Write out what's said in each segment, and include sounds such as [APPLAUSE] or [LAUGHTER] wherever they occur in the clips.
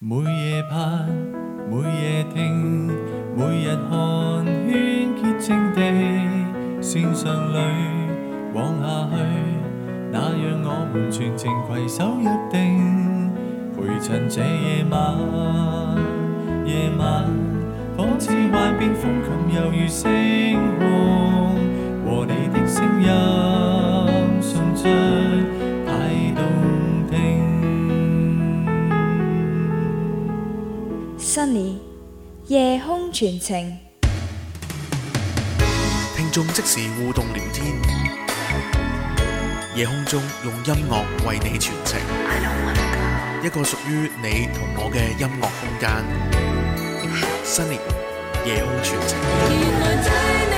每夜盼，每夜聽，每日看，圈潔淨的線上裏往下去。那讓我們全情攜手約定，陪襯這夜晚。夜晚，仿似幻變風琴，猶如星光和你的聲音。Sunny 夜空傳情，聽眾即時互動聊天，夜空中用音樂為你傳情，一個屬於你同我嘅音樂空間。Sunny 夜空傳情。 [MUSIC]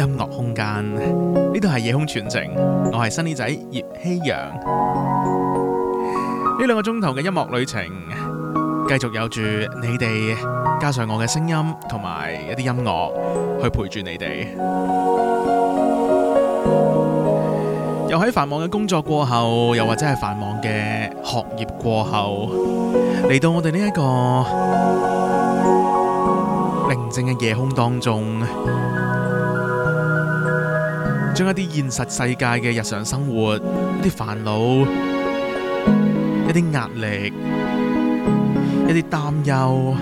音樂空間呢度係夜空傳情，我係 Sunny 仔葉希陽。呢兩個鐘頭嘅音樂旅程，繼續有住你哋，加上我嘅聲音同埋一啲音樂去陪住你哋。又喺繁忙嘅工作過後，又或者係繁忙嘅學業過後，嚟到我哋呢一個寧靜嘅夜空當中。將一啲現實世界嘅日常生活、一啲煩惱、一啲壓力、一啲擔憂，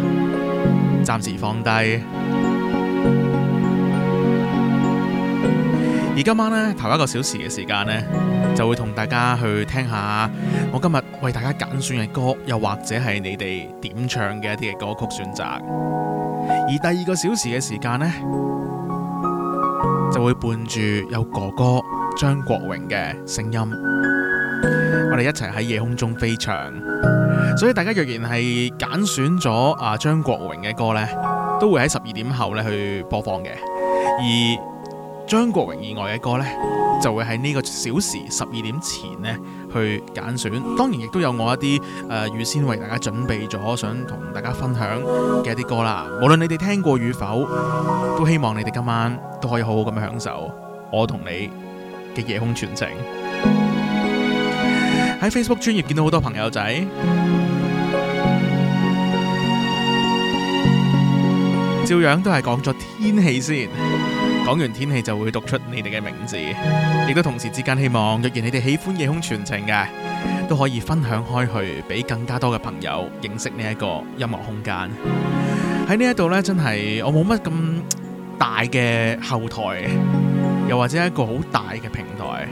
暫時放低。而今晚呢，頭一個小時嘅時間呢，就會同大家去聽下我今日為大家揀選嘅歌，又或者係你哋點唱嘅一啲嘅歌曲選擇。而第二個小時嘅時間呢。就會伴住有哥哥張國榮嘅聲音，我哋一齊喺夜空中飛翔。所以大家若然係揀選咗啊張國榮嘅歌呢，都會喺十二點後呢去播放嘅。而張國榮以外嘅歌呢，就會喺呢個小時十二點前呢。去揀選，當然亦都有我一啲誒、呃、預先為大家準備咗，想同大家分享嘅一啲歌啦。無論你哋聽過與否，都希望你哋今晚都可以好好咁享受我同你嘅夜空傳情。喺 Facebook 專頁見到好多朋友仔，照樣都係講咗天氣先。講完天氣就會讀出你哋嘅名字，亦都同時之間希望，若然你哋喜歡夜空傳情嘅，都可以分享開去，俾更加多嘅朋友認識呢一個音樂空間。喺呢一度呢，真係我冇乜咁大嘅後台，又或者一個好大嘅平台，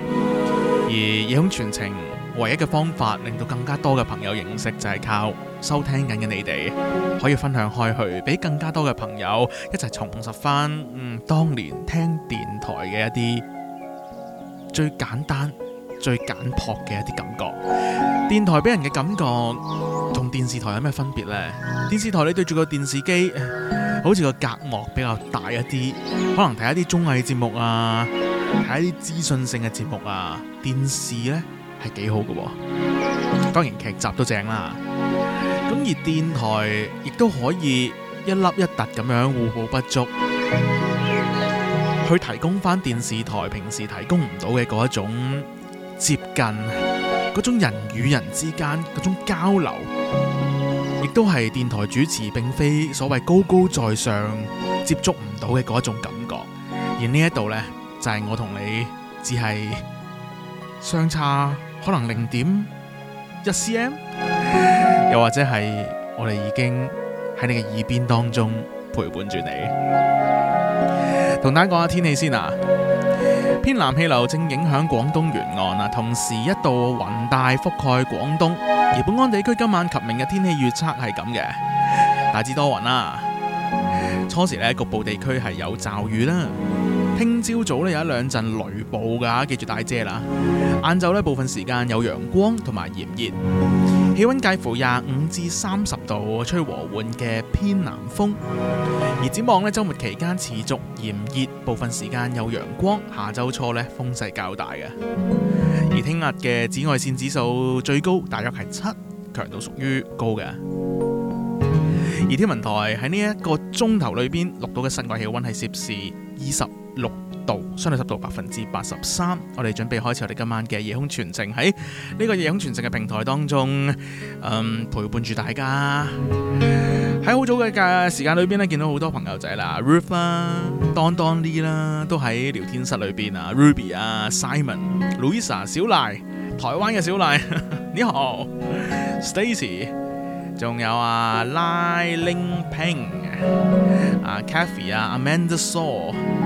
而夜空傳情。唯一嘅方法，令到更加多嘅朋友認識，就係靠收聽緊嘅你哋，可以分享開去，俾更加多嘅朋友一齊重拾翻嗯，當年聽電台嘅一啲最簡單、最簡樸嘅一啲感覺。電台俾人嘅感覺同電視台有咩分別呢？電視台你對住個電視機，好似個隔膜比較大一啲，可能睇一啲綜藝節目啊，睇一啲資訊性嘅節目啊，電視呢。係幾好嘅、啊，當然劇集都正啦。咁而電台亦都可以一粒一突咁樣互補不足，去提供翻電視台平時提供唔到嘅嗰一種接近嗰種人與人之間嗰種交流，亦都係電台主持並非所謂高高在上接觸唔到嘅嗰一種感覺。而呢一度呢，就係、是、我同你只係相差。可能零點一 cm，又或者係我哋已經喺你嘅耳邊當中陪伴住你。同大家講下天氣先啊，偏南氣流正影響廣東沿岸啊，同時一道雲帶覆蓋廣東，而本安地區今晚及明日天氣預測係咁嘅，大致多雲啦、啊，初時呢，局部地區係有驟雨啦。聽朝早咧有一兩陣雷暴噶，記住帶遮啦。晏晝咧部分時間有陽光同埋炎熱，氣温介乎廿五至三十度，吹和緩嘅偏南風。而展望咧周末期間持續炎熱，部分時間有陽光。下周初咧風勢較大嘅。而聽日嘅紫外線指數最高大約係七，強度屬於高嘅。而天文台喺呢一個鐘頭裏邊錄到嘅室外氣温係攝氏二十。六度，相對濕度百分之八十三。我哋準備開始我哋今晚嘅夜空傳情，喺呢個夜空傳情嘅平台當中，嗯陪伴住大家。喺好早嘅時間裏邊呢見到好多朋友仔啦，Ruth 啦、啊、當當 Lee 啦，都喺聊天室裏邊啊，Ruby 啊、Simon、Louisa、小賴、台灣嘅小賴， [LAUGHS] 你好，Stacy，仲有啊 Liling Ping 啊 Kathy 啊、Amanda Saw、so。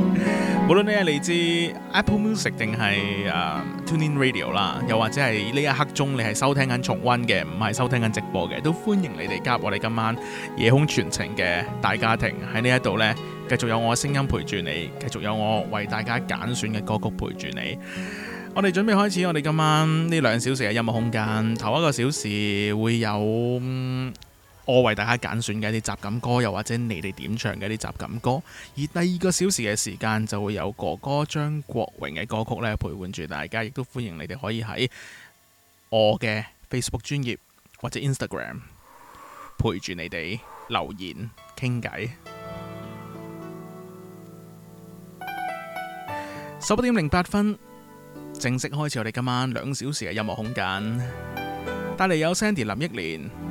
無論你係嚟自 Apple Music 定係 Tune In Radio 啦，又或者係呢一刻鐘你係收聽緊重溫嘅，唔係收聽緊直播嘅，都歡迎你哋加入我哋今晚夜空傳情嘅大家庭，喺呢一度呢，繼續有我嘅聲音陪住你，繼續有我為大家揀選嘅歌曲陪住你。我哋準備開始，我哋今晚呢兩小時嘅音樂空間，頭一個小時會有。我為大家揀選嘅一啲雜錦歌，又或者你哋點唱嘅一啲雜錦歌。而第二個小時嘅時間就會有哥哥張國榮嘅歌曲咧，陪伴住大家，亦都歡迎你哋可以喺我嘅 Facebook 專頁或者 Instagram 陪住你哋留言傾偈。十點零八分正式開始我哋今晚兩小時嘅音樂空間，帶嚟有 Sandy 林憶蓮。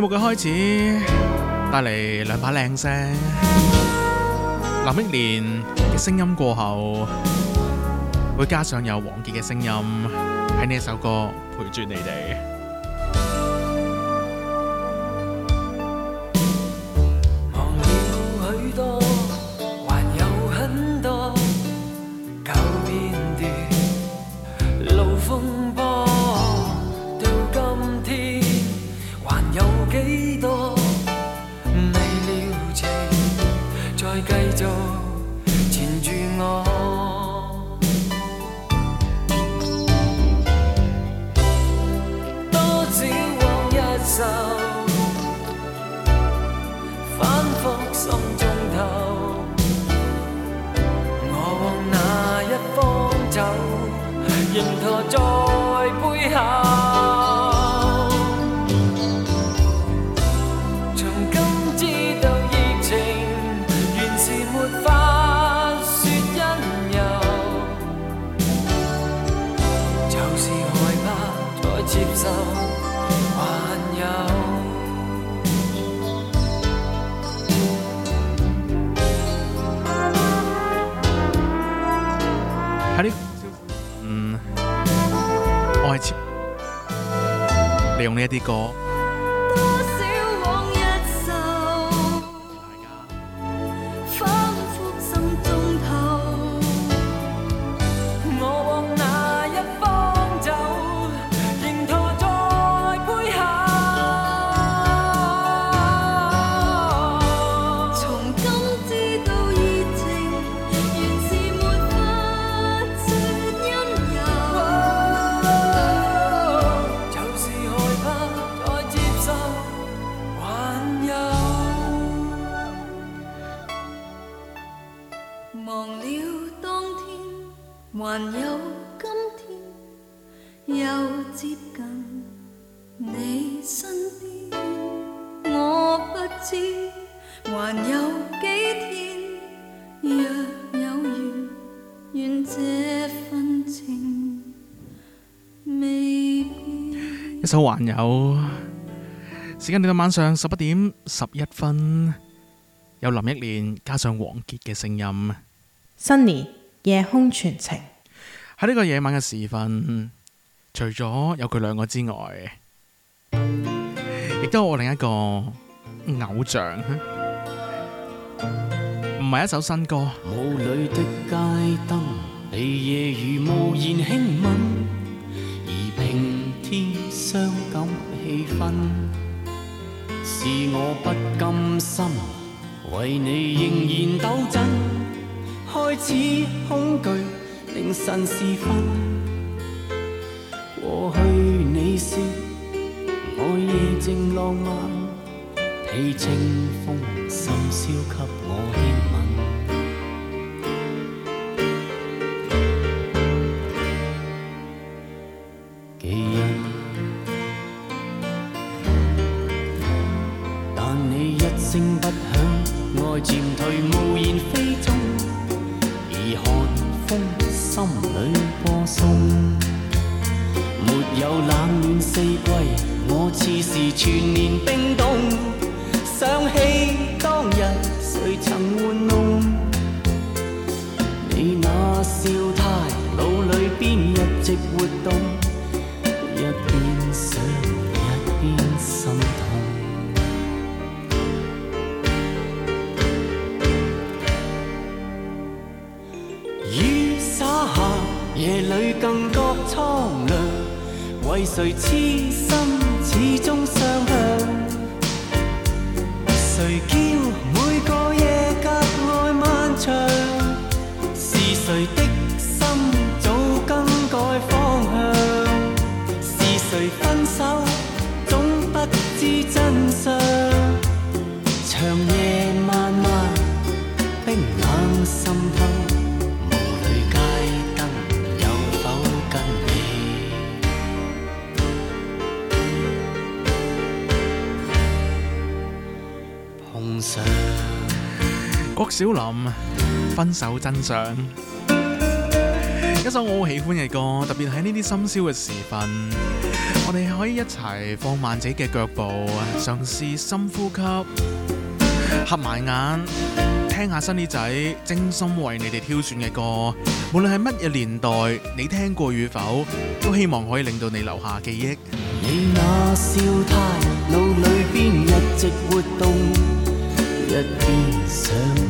節目嘅開始，帶嚟兩把靚聲。林憶蓮嘅聲音過後，會加上有王傑嘅聲音喺呢一首歌陪住你哋。就還有時間，到到晚上十一點十一分，有林憶蓮加上王傑嘅聲音。新年夜空傳情喺呢個夜晚嘅時分，除咗有佢兩個之外，亦都有我另一個偶像，唔係一首新歌。傷感氣氛，是我不甘心，為你仍然抖震，開始恐懼。凌晨時分，過去你說愛夜靜浪漫，披清風，深宵給我。小林分手真相，一首我好喜歡嘅歌，特別喺呢啲深宵嘅時分，我哋可以一齊放慢自己嘅腳步，嘗試深呼吸，合埋眼聽下 Sunny 仔精心為你哋挑選嘅歌，無論係乜嘢年代，你聽過與否，都希望可以令到你留下記憶。你那笑態腦裏邊一直活動，一邊想。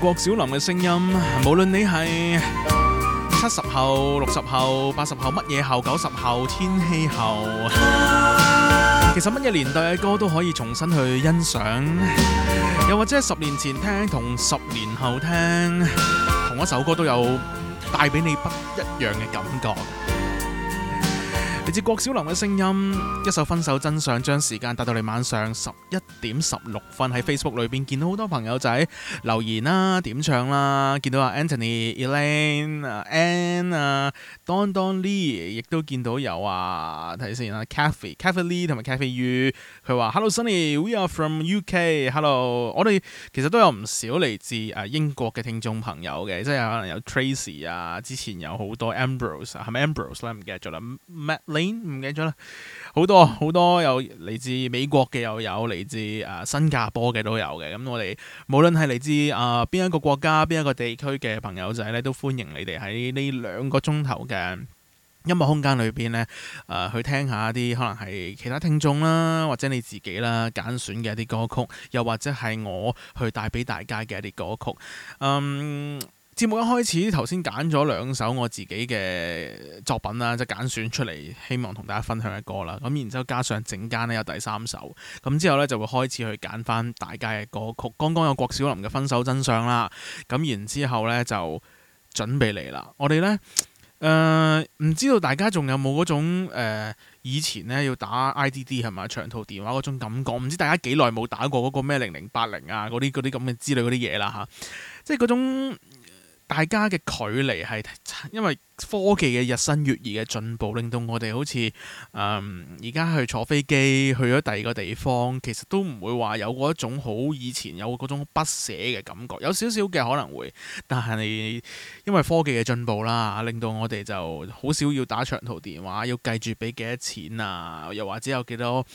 郭小林嘅聲音，無論你係七十後、六十後、八十後、乜嘢後、九十後、天禧後，其實乜嘢年代嘅歌都可以重新去欣賞，又或者十年前聽同十年後聽同一首歌都有帶俾你不一樣嘅感覺。嚟自郭小林嘅聲音，一首分手真相將時間帶到你。晚上十一點十六分，喺 Facebook 裏邊見到好多朋友仔留言啦、啊，點唱啦、啊，見到啊 Anthony、Elaine 啊、Anne 啊、Don Don Lee，亦都見到有啊，睇先啊 Cafe Cafe Lee 同埋 Cafe U 佢話：Hello Sunny，we are from UK。Hello，我哋其實都有唔少嚟自啊英國嘅聽眾朋友嘅，即係可能有 Tracy 啊，之前有好多 Ambrose，係咪 Ambrose 咧？唔記得咗啦，Matt Lane，唔記得咗啦，好多好多有嚟自美國嘅又有嚟自啊新加坡嘅都有嘅。咁我哋無論係嚟自啊呃、邊一個國家、邊一個地區嘅朋友仔咧，都歡迎你哋喺呢兩個鐘頭嘅。音樂空間裏邊咧，誒、呃、去聽下一啲可能係其他聽眾啦，或者你自己啦，揀選嘅一啲歌曲，又或者係我去帶俾大家嘅一啲歌曲。嗯，節目一開始頭先揀咗兩首我自己嘅作品啦，就揀選，選出嚟，希望同大家分享嘅歌啦。咁然之後加上整間呢有第三首，咁之後呢就會開始去揀翻大家嘅歌曲。剛剛有郭小林嘅分手真相啦，咁然之後呢就準備嚟啦，我哋呢。誒唔、呃、知道大家仲有冇嗰種、呃、以前咧要打 IDD 係咪長途電話嗰種感覺？唔知大家幾耐冇打過嗰個咩零零八零啊，嗰啲嗰啲咁嘅之類嗰啲嘢啦吓，即係嗰種。大家嘅距離係，因為科技嘅日新月異嘅進步，令到我哋好似誒而家去坐飛機去咗第二個地方，其實都唔會話有嗰一種好以前有嗰種不捨嘅感覺。有少少嘅可能會，但係你因為科技嘅進步啦，令到我哋就好少要打長途電話，要計住俾幾多錢啊，又或者有幾多誒、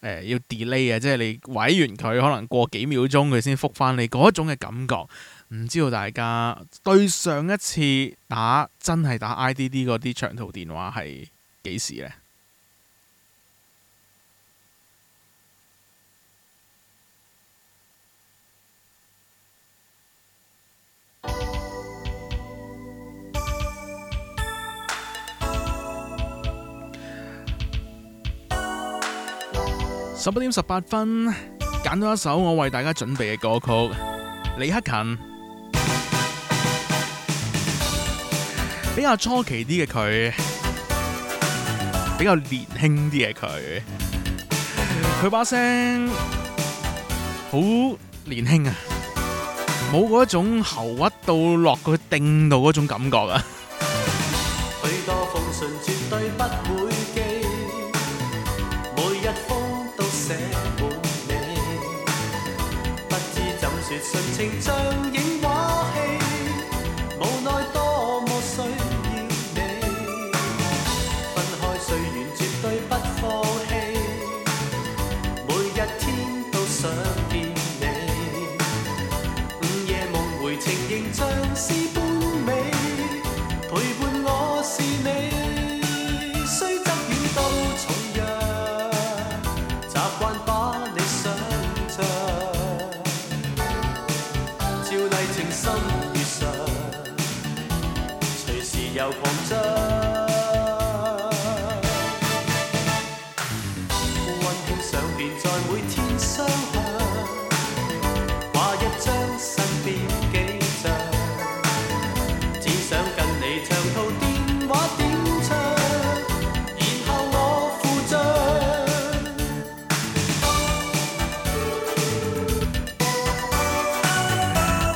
呃、要 delay 啊，即係你委完佢，可能過幾秒鐘佢先覆返你嗰種嘅感覺。唔知道大家對上一次打真係打 IDD 嗰啲長途電話係幾時呢？十一點十八分，揀到一首我為大家準備嘅歌曲，李克勤。比較初期啲嘅佢，比較年輕啲嘅佢，佢把 Okay. 聲好年輕啊，冇嗰種喉屈到落去叮到嗰種感覺啊。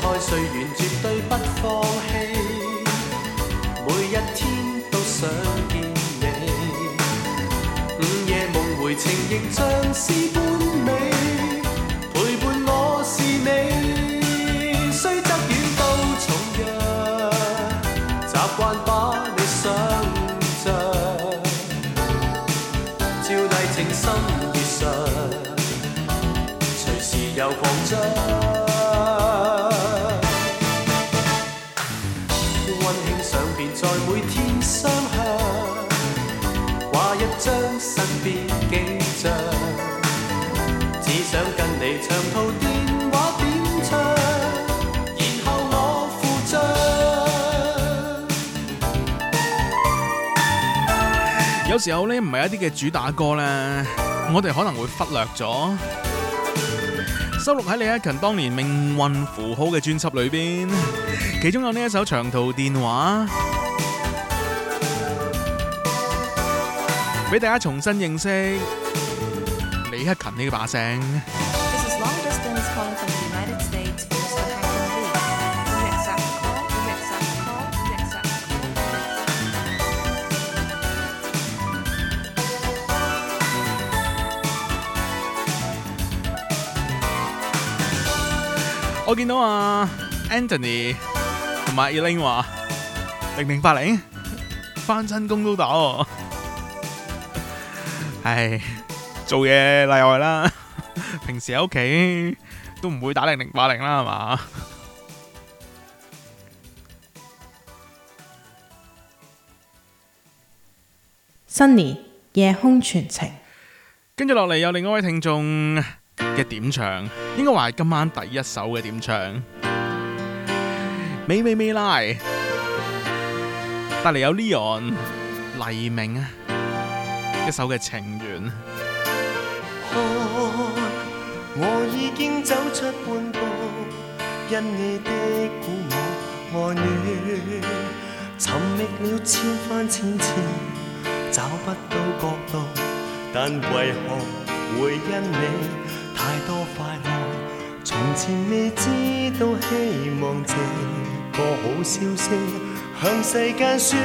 開歲月絕對不放棄，每一天都想見你，午夜夢回情亦像詩般美。長途電話點唱，然後我負責。有時候呢，唔係一啲嘅主打歌呢，我哋可能會忽略咗。收錄喺李克勤當年命運符號嘅專輯裏邊，其中有呢一首長途電話，俾大家重新認識李克勤呢個把聲。我見到啊，Anthony 同埋 Eileen 話零零八零返親工都打喎，唉，做嘢例外啦。平時喺屋企都唔會打零零八零啦，係嘛？新年夜空傳情。」跟住落嚟有另外一位聽眾。嘅點唱，應該話係今晚第一首嘅點唱。美美美拉，帶嚟有 Leon 黎明啊，一首嘅情緣，啊。我已經走出半步，因你的鼓舞，愛戀尋覓了千番千次，找不到角度，但為何會因你？太多快樂，從前未知，都希望這個好消息向世間宣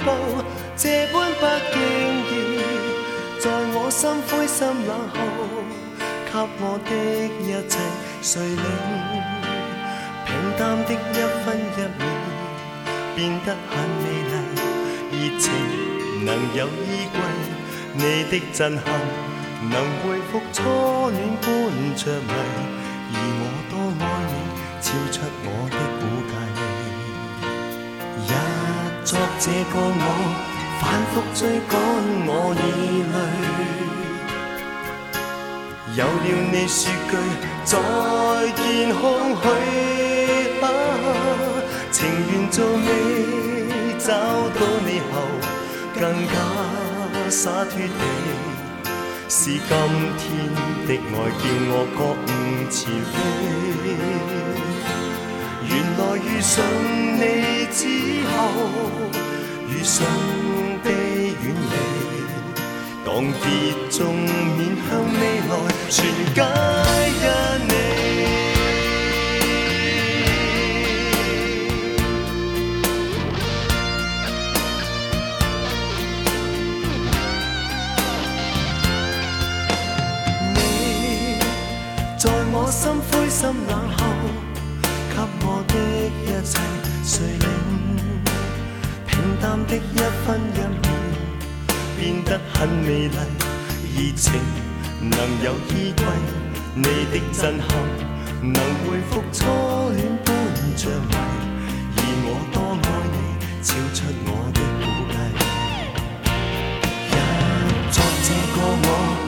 布。這般不經意，在我心灰心冷後，給我的一切誰領？平淡的一分一秒，變得很美麗。熱情能有依歸，你的震撼。能回復初戀般着迷，而我多愛你，超出我的估計。一作這個我，反復追趕，我已累。有了你說句再見空虛、啊，情願做你，找到你後更加灑脫地。是今天的愛，叫我覺悟慈悲。原來遇上你之後，遇上的遠離，當別仲面向未來，全皆因你。我心灰心冷後，給我的一切誰領？平淡的一分一秒，變得很美麗。熱情能有依歸，你的震撼能回復初戀般着迷。而我多愛你，超出我的估計。 [NOISE] 一作這個我。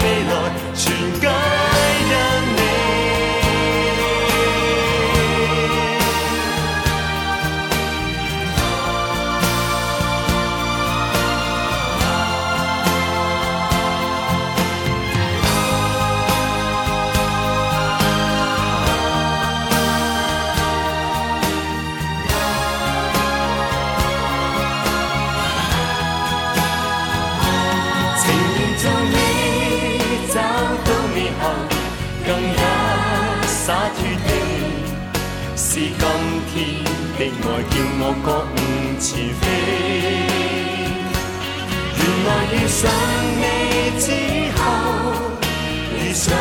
來叫我覺悟前非，原來遇上你之後，餘生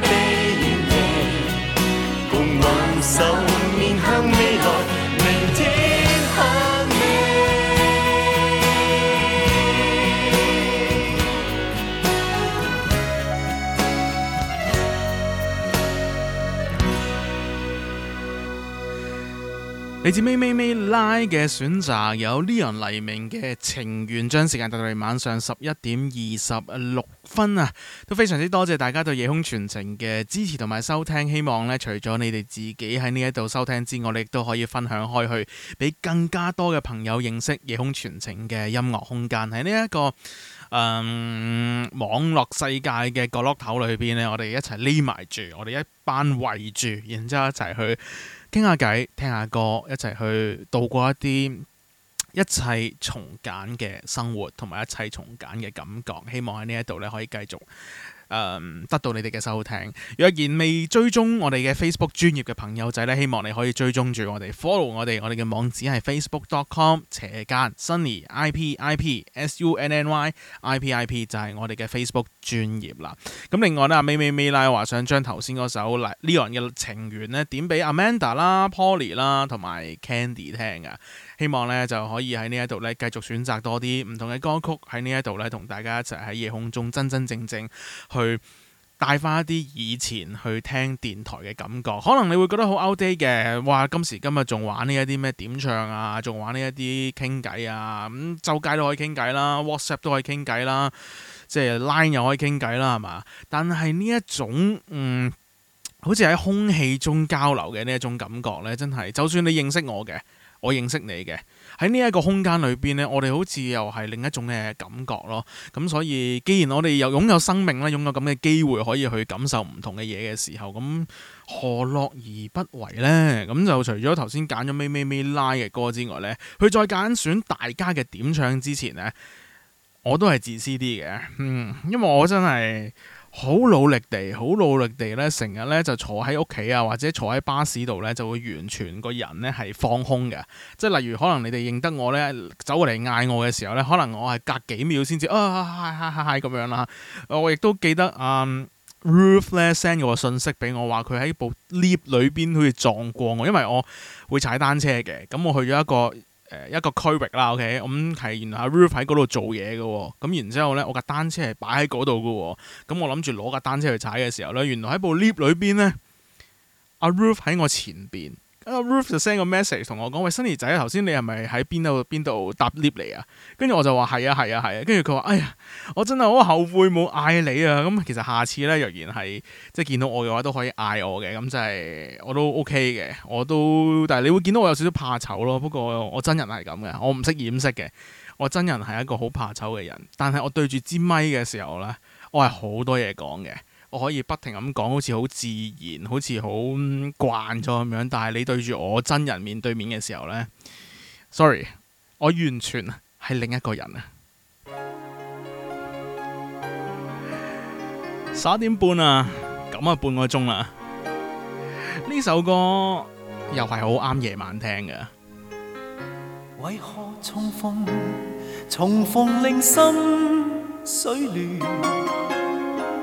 悲與喜，共挽手面向未來。李子美美美拉嘅選擇，有呢個 Leon 黎明嘅情緣。將時間帶到嚟，晚上十一點二十六分啊，都非常之多謝大家對夜空傳情嘅支持同埋收聽，希望呢，除咗你哋自己喺呢一度收聽之外，你亦都可以分享開去，俾更加多嘅朋友認識夜空傳情嘅音樂空間喺呢一個誒、嗯、網絡世界嘅角落頭裏邊呢，我哋一齊匿埋住，我哋一班圍住，然之後一齊去傾下偈，聽下歌，一齊去度過一啲一切從簡嘅生活，同埋一切從簡嘅感覺。希望喺呢一度咧，可以繼續。誒、um, 得到你哋嘅收聽，若然未追蹤我哋嘅 Facebook 專頁嘅朋友仔呢，希望你可以追蹤住我哋，follow 我哋，我哋嘅網址係 facebook.com 斜間 sunnyipip sunnyipip 就係我哋嘅 Facebook 專頁啦。咁另外咧，美美美拉話想將頭先嗰首呢《Leon 嘅情緣》呢點俾 Amanda 啦、Polly 啦同埋 Candy 聽啊！希望咧就可以喺呢一度咧繼續選擇多啲唔同嘅歌曲喺呢一度咧同大家一齊喺夜空中真真正正，正去帶翻一啲以前去聽電台嘅感覺。可能你會覺得好 outdate 嘅，哇！今時今日仲玩呢一啲咩點唱啊，仲玩呢一啲傾偈啊，咁、嗯、周街都可以傾偈啦，WhatsApp 都可以傾偈啦，即係 Line 又可以傾偈啦，係嘛？但係呢一種嗯，好似喺空氣中交流嘅呢一種感覺咧，真係就算你認識我嘅。我認識你嘅喺呢一個空間裏邊呢，我哋好似又係另一種嘅感覺咯。咁所以，既然我哋又擁有生命啦，擁有咁嘅機會可以去感受唔同嘅嘢嘅時候，咁何樂而不為呢？咁就除咗頭先揀咗咩咩咩拉嘅歌之外呢，佢再揀選，選大家嘅點唱之前呢，我都係自私啲嘅，嗯，因為我真係。好努力地，好努力地咧，成日咧就坐喺屋企啊，或者坐喺巴士度咧，就會完全個人咧係放空嘅。即係例如，可能你哋認得我咧，走過嚟嗌我嘅時候咧，可能我係隔幾秒先至啊，係係係咁樣啦。我亦都記得啊，Ruth 咧 send 咗個信息俾我話，佢喺部 lift 裏邊好似撞過我，因為我會踩單車嘅。咁我去咗一個。誒一個區域啦，OK，咁係原來阿 Roo 喺嗰度做嘢嘅，咁然之後咧，我架單車係擺喺嗰度嘅，咁我諗住攞架單車去踩嘅時候咧，原來喺部 lift 裏邊咧，阿 Roo 喺我前邊。Ruth 就 send 個 message 同我講：喂，Sunny 仔，頭先你係咪喺邊度邊度搭 lift 嚟啊？跟住我就話係啊係啊係啊。跟住佢話：哎呀，我真係好後悔冇嗌你啊！咁其實下次咧，若然係即係見到我嘅話，都可以嗌我嘅，咁真係我都 OK 嘅。我都，但係你會見到我有少少怕醜咯。不過我真人係咁嘅，我唔識掩飾嘅。我真人係一個好怕醜嘅人，但係我對住支咪嘅時候咧，我係好多嘢講嘅。我可以不停咁講，好似好自然，好似好慣咗咁樣。但係你對住我真人面對面嘅時候呢，Sorry，我完全係另一個人啊！十一點半啊，咁啊半個鐘啦。呢首歌又係好啱夜晚聽㗎。為何重逢？重逢令心水亂。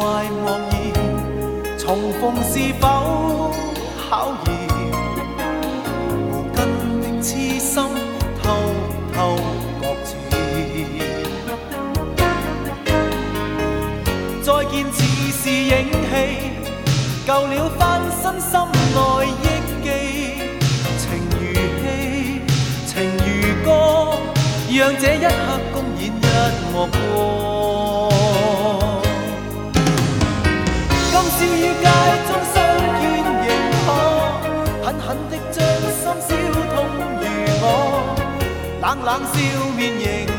懷惘然，重逢是否考驗？無根的癡心偷偷擱淺。再見似是影戲，舊了翻身心內憶記。情如戲，情如歌，讓這一刻公演一幕歌。街中相見仍可，狠狠的將心燒痛如我，冷冷笑面迎。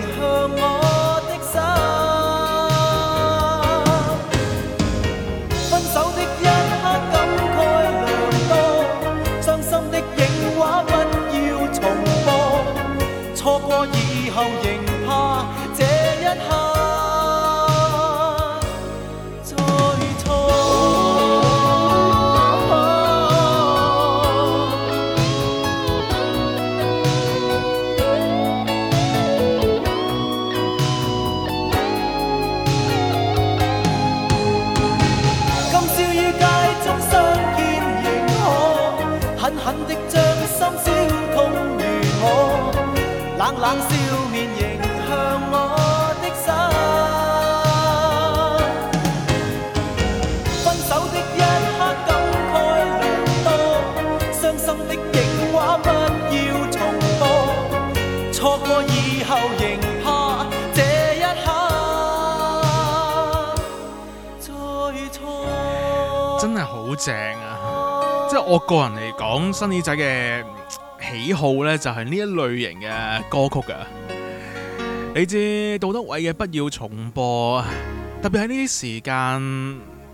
新耳仔嘅喜好呢，就係呢一類型嘅歌曲噶你知杜德偉嘅不要重播，特別喺呢啲時間，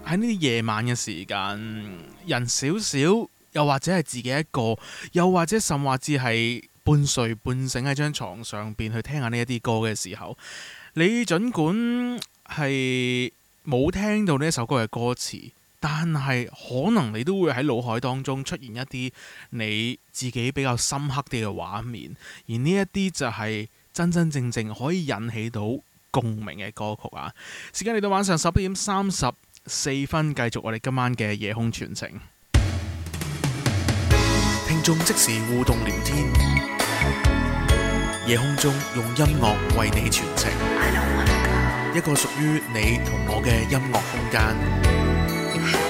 喺呢啲夜晚嘅時間，人少少，又或者係自己一個，又或者甚或至係半睡半醒喺張床上邊去聽下呢一啲歌嘅時候，你盡管係冇聽到呢一首歌嘅歌詞。但係可能你都會喺腦海當中出現一啲你自己比較深刻啲嘅畫面，而呢一啲就係真真正正可以引起到共鳴嘅歌曲啊！時間嚟到晚上十一點三十四分，繼續我哋今晚嘅夜空傳情。聽眾即時互動聊天，夜空中用音樂為你傳情，一個屬於你同我嘅音樂空間。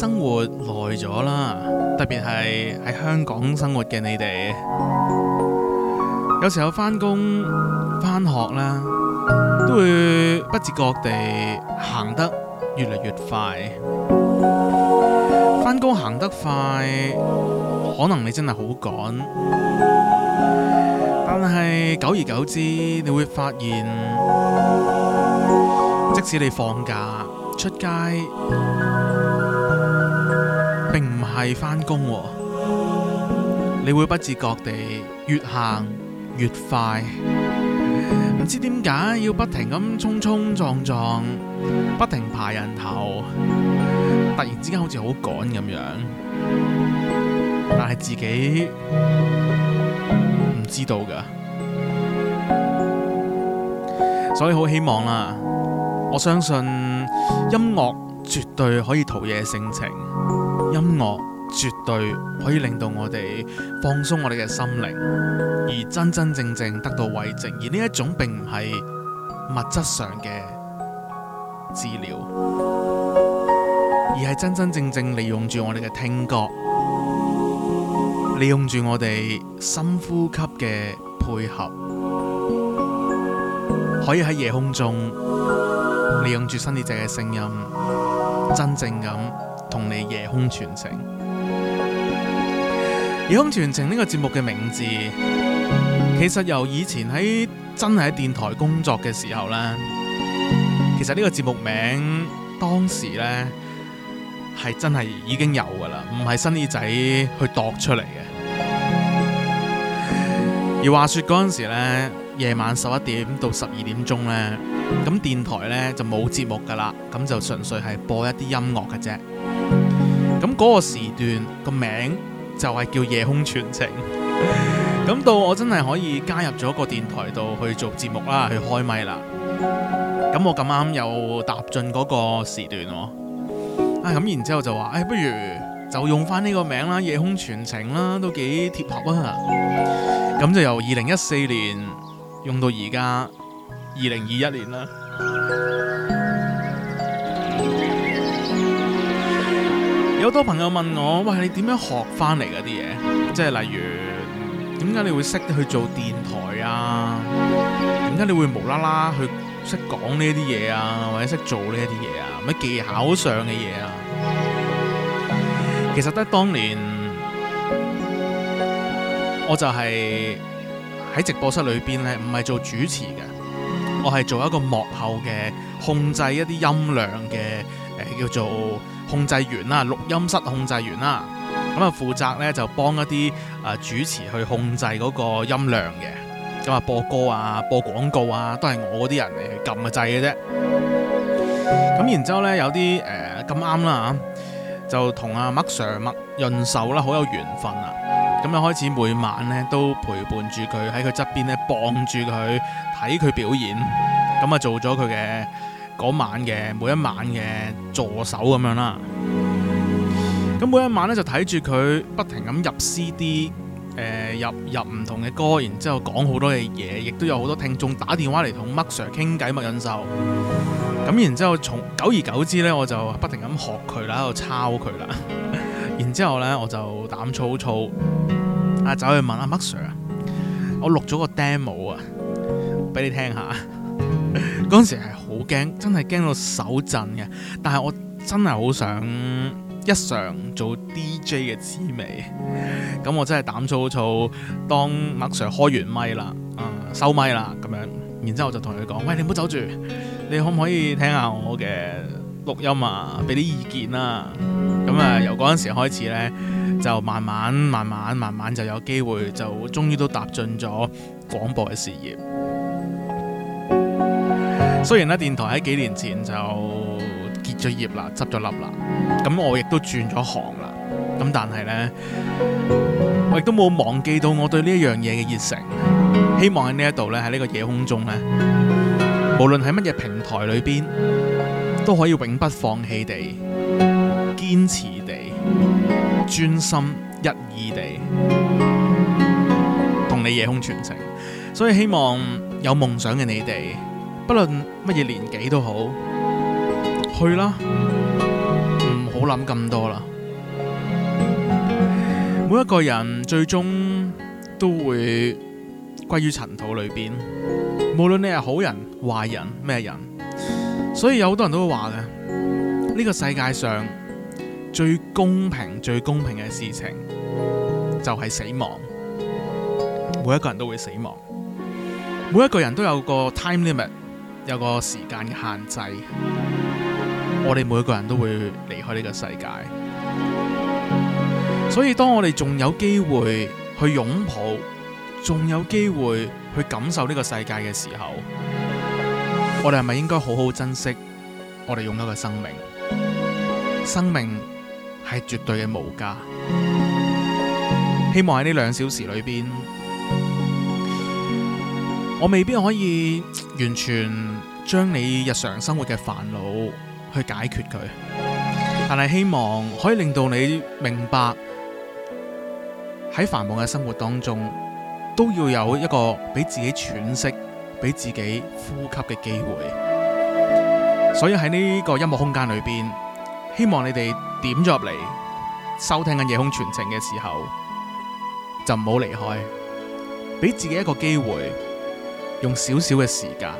生活耐咗啦，特別係喺香港生活嘅你哋，有時候返工返學啦，都會不自覺地行得越嚟越快。返工行得快，可能你真係好趕，但係久而久之，你會發現，即使你放假出街。並唔係返工，你會不自覺地越行越快，唔知點解要不停咁衝衝撞撞，不停排人頭，突然之間好似好趕咁樣，但係自己唔知道噶，所以好希望啦，我相信音樂絕對可以陶冶性情。音樂絕對可以令到我哋放鬆我哋嘅心靈，而真真正正得到慰藉。而呢一種並唔係物質上嘅治療，而係真真正正利用住我哋嘅聽覺，利用住我哋深呼吸嘅配合，可以喺夜空中利用住自然界嘅聲音，真正咁。同你夜空傳情，夜空傳情呢個節目嘅名字，其實由以前喺真係喺電台工作嘅時候呢。其實呢個節目名當時呢，係真係已經有噶啦，唔係新耳仔去度出嚟嘅。而話說嗰陣時咧，夜晚十一點到十二點鐘呢，咁電台呢就冇節目噶啦，咁就純粹係播一啲音樂嘅啫。咁嗰個時段個名就係叫夜空傳情，咁到我真係可以加入咗個電台度去做節目啦，去開咪啦。咁我咁啱又踏進嗰個時段，啊、哎、咁然之後就話，誒、哎、不如就用翻呢個名啦，夜空傳情啦，都幾貼合啊。咁就由二零一四年用到而家二零二一年啦。好多朋友問我：喂，你點樣學翻嚟嗰啲嘢，即係例如點解你會識去做電台啊？點解你會無啦啦去識講呢啲嘢啊？或者識做呢一啲嘢啊？乜技巧上嘅嘢啊？其實得當年我就係喺直播室裏邊咧，唔係做主持嘅，我係做一個幕後嘅控制一啲音量嘅誒、呃，叫做，控制員啦，錄音室控制員啦，咁啊負責咧就幫一啲誒主持去控制嗰個音量嘅，咁啊播歌啊播廣告啊都係我啲人嚟撳個掣嘅啫。咁然之後咧有啲誒咁啱啦吓，就同阿麥 sir 麥潤壽啦好有緣分啊，咁啊開始每晚咧都陪伴住佢喺佢側邊咧傍住佢睇佢表演，咁啊做咗佢嘅。嗰晚嘅每一晚嘅助手咁樣啦、啊，咁每一晚咧就睇住佢不停咁入 CD，誒、呃、入入唔同嘅歌，然之後講好多嘅嘢，亦都有好多聽眾打電話嚟同麥 Sir 傾偈，默忍受。咁然之後從久而久之咧，我就不停咁學佢啦，喺度抄佢啦。 [LAUGHS] 然之後咧我就膽粗粗，啊走去問阿麥 Sir 啊，我錄咗個 demo 啊，俾你聽下。嗰 [LAUGHS] 時係。好驚，真係驚到手震嘅。但係我真係好想一嘗做 DJ 嘅滋味。咁我真係膽粗粗，當 Max 開完麥啦、嗯，收麥啦，咁樣，然之後我就同佢講：喂，你唔好走住，你可唔可以聽下我嘅錄音啊？俾啲意見啦。咁啊，由嗰陣時開始呢，就慢慢、慢慢、慢慢就有機會，就終於都踏進咗廣播嘅事業。雖然呢電台喺幾年前就結咗業啦，執咗笠啦。咁我亦都轉咗行啦。咁但係呢，我亦都冇忘記到我對呢一樣嘢嘅熱誠。希望喺呢一度呢，喺呢個夜空中呢，無論喺乜嘢平台裏邊，都可以永不放棄地堅持地專心一意地同你夜空傳情。所以希望有夢想嘅你哋。不論乜嘢年紀都好，去啦，唔好諗咁多啦。每一個人最終都會歸於塵土裏面，無論你係好人、壞人、咩人。所以有好多人都會話嘅，呢個世界上最公平、最公平嘅事情就係死亡。每一個人都會死亡，每一個人都有個 time limit。有個時間嘅限制，我哋每個人都會離開呢個世界，所以當我哋仲有機會去擁抱，仲有機會去感受呢個世界嘅時候，我哋係咪應該好好珍惜我哋擁有嘅生命？生命係絕對嘅無價。希望喺呢兩小時裏邊，我未必可以完全。將你日常生活嘅煩惱去解決佢，但係希望可以令到你明白喺繁忙嘅生活當中，都要有一個俾自己喘息、俾自己呼吸嘅機會。所以喺呢個音樂空間裏邊，希望你哋點咗入嚟收聽緊夜空傳情嘅時候，就唔好離開，俾自己一個機會，用少少嘅時間。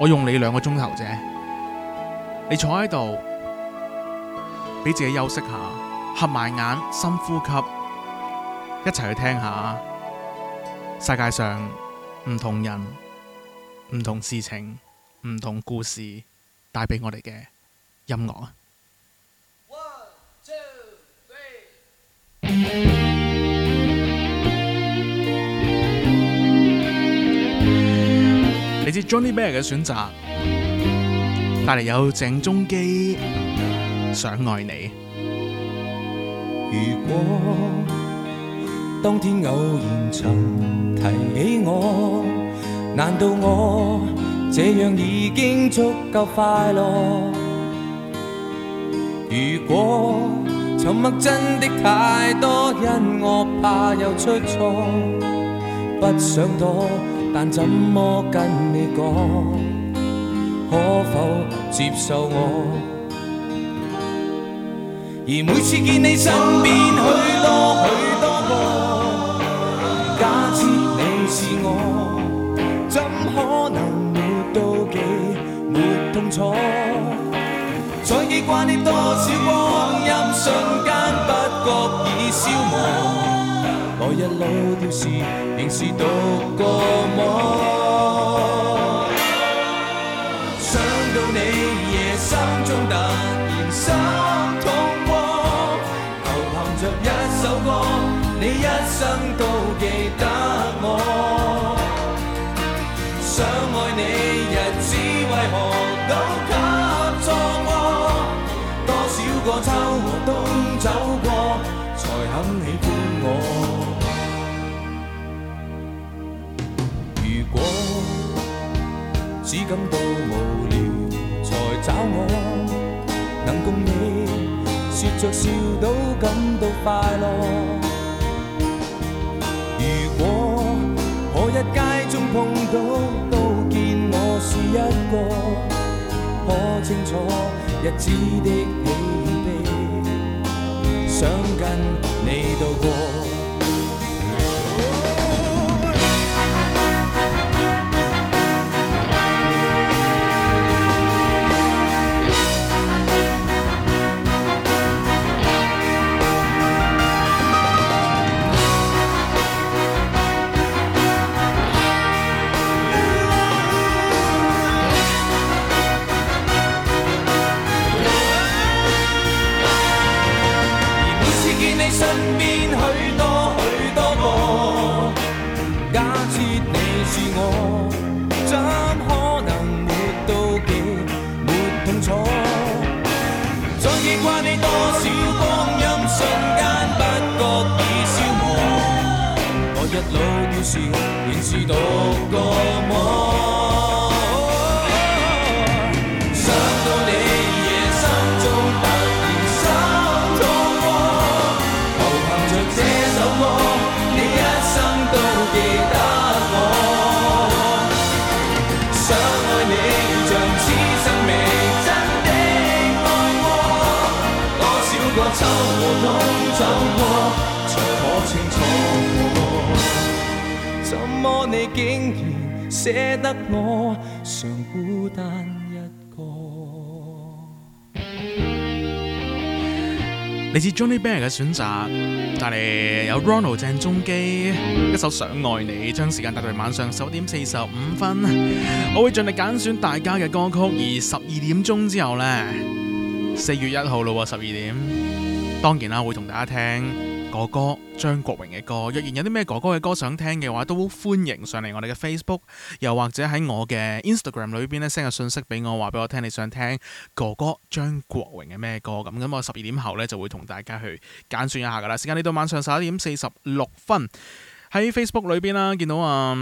我用你兩個鐘頭啫，你坐喺度，俾自己休息下，合埋眼，深呼吸，一齊去聽下世界上唔同人、唔同事情、唔同故事帶俾我哋嘅音樂啊！One, two, three. Okay. Bear 的來自 Johnny Bear 嘅選擇，帶嚟有鄭中基想愛你。如果當天偶然曾提起我，難道我這樣已經足夠快樂？如果沉默真的太多人，因我怕又出錯，不想躲。但怎麼跟你講？可否接受我？而每次見你身邊許多許多個，假設你是我，怎可能沒妒忌、沒痛楚？再記掛你多少光陰，瞬間不覺已消磨。一路掉時，仍是獨個我。想到你夜深中突然心痛過，流行着一首歌，你一生都記得我。想愛你日子為何都給錯過？多少個秋冬走過，才肯喜歡我。只感到無聊才找我，能共你說着笑都感到快樂。如果我一街中碰到，都見我是一個，可清楚日子的喜與悲，想跟你渡過。仍是獨個夢。嚟自 Johnny Bear 嘅選擇，帶嚟有 Ronald 鄭中基一首《想愛你》，將時間帶到晚上十點四十五分，我會盡力揀選大家嘅歌曲，而十二點鐘之後呢，四月一號了，十二點，當然啦，我會同大家聽。哥哥張國榮嘅歌，若然有啲咩哥哥嘅歌想聽嘅話，都歡迎上嚟我哋嘅 Facebook，又或者喺我嘅 Instagram 裏邊呢 send 個信息俾我，話俾我聽你想聽哥哥張國榮嘅咩歌咁，咁我十二點後呢，就會同大家去揀選一下噶啦，時間嚟到晚上十一點四十六分。喺 Facebook 裏邊啦、啊，見到啊，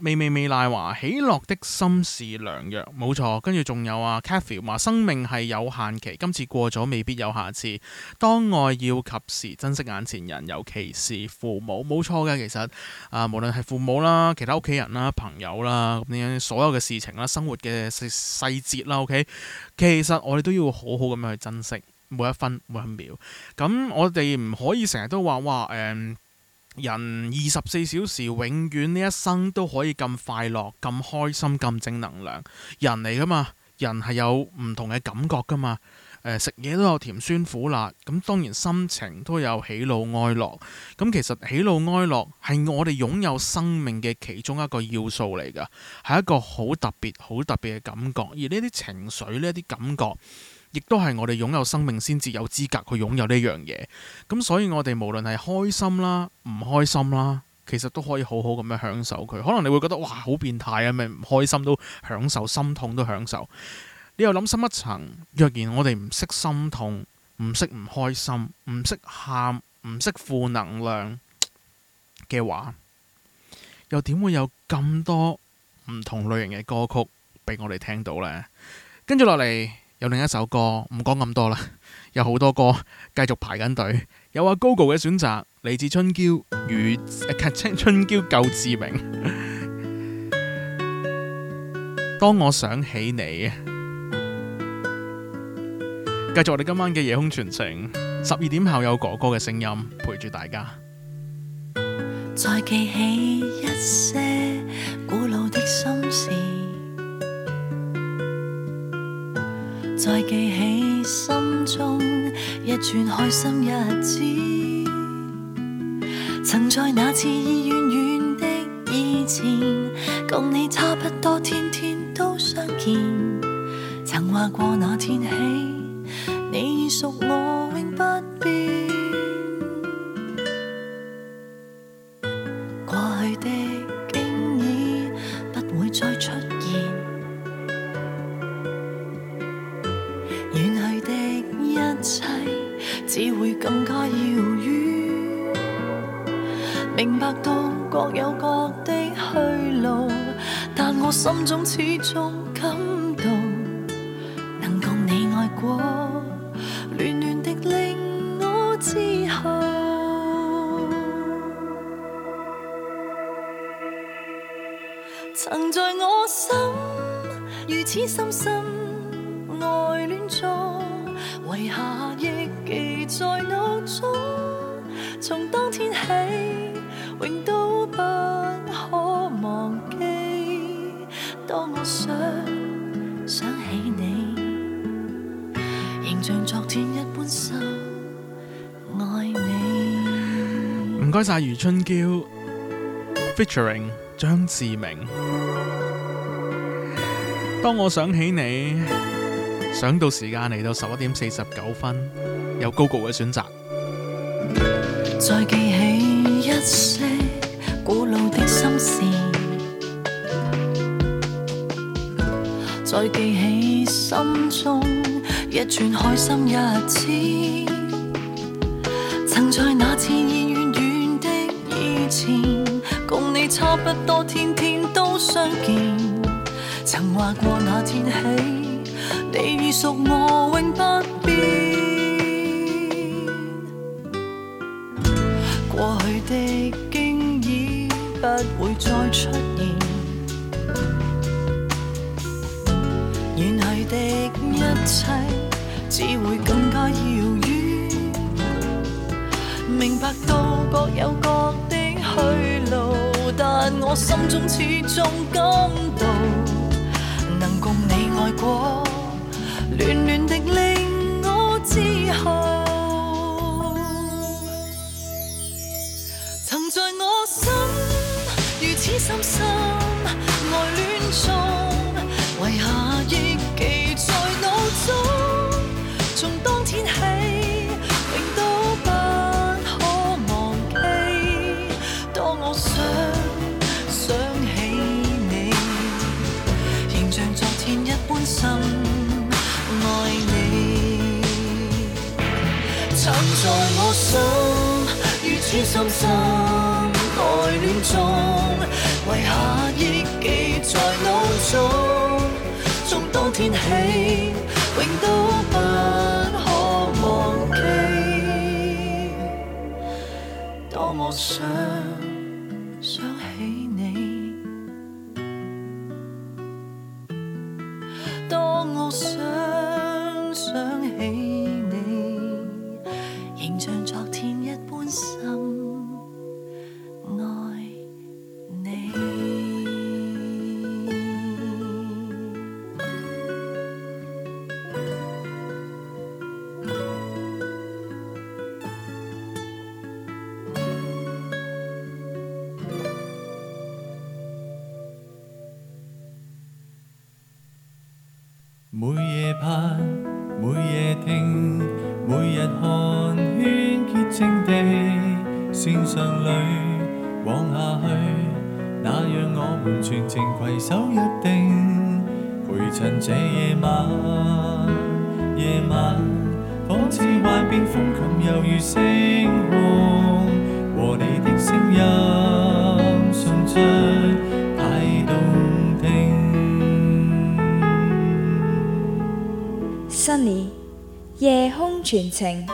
味味味奶話喜樂的心事良藥，冇錯。跟住仲有啊，Cathy 話生命係有限期，今次過咗未必有下次。當愛要及時，珍惜眼前人，尤其是父母，冇錯嘅。其實啊，無論係父母啦、其他屋企人啦、朋友啦，所有嘅事情啦、生活嘅細細節啦，OK，其實我哋都要好好咁樣去珍惜每一分每一秒。咁我哋唔可以成日都話哇誒，嗯人二十四小時永遠呢一生都可以咁快樂咁開心咁正能量，人嚟噶嘛？人係有唔同嘅感覺噶嘛？呃，食嘢都有甜酸苦辣，咁當然心情都有喜怒哀樂。咁其實喜怒哀樂係我哋擁有生命嘅其中一個要素嚟㗎，係一個好特別好特別嘅感覺。而呢啲情緒呢啲感覺，亦都係我哋擁有生命先至有資格去擁有呢樣嘢，咁所以我哋無論係開心啦、唔開心啦，其實都可以好好咁樣享受佢。可能你會覺得哇，好變態啊！咪唔開心都享受，心痛都享受。你又諗深一層，若然我哋唔識心痛、唔識唔開心、唔識喊、唔識負能量嘅話，又點會有咁多唔同類型嘅歌曲俾我哋聽到呢？跟住落嚟。有另一首歌，唔講咁多啦。有好多歌繼續排緊隊。有阿、啊、Gogo 嘅選擇，嚟自春嬌與、啊、春嬌救志明。 [LAUGHS] 當我想起你，繼續我哋今晚嘅夜空傳情。十二點後有哥哥嘅聲音陪住大家。再記起一些古老的心事。再記起心中一串開心日子，曾在那次已遠遠的以前，共你差不多天天都相見，曾話過那天起，你已屬我。開晒余春嬌，featuring 張志明。當我想起你，想到時間嚟到十一點四十九分，有哥哥嘅選擇。再記起一些古老的心事，再記起心中一串開心日子，曾在那次話過那天起，你已屬我永，永不。盼每夜聽，每日看，圈潔淨的線上裏往下去，那樣我們全程携手約定，陪襯這夜晚。夜晚，仿似幻變風琴，猶如星光，和你的聲音，唱着。Sunny 夜空傳情。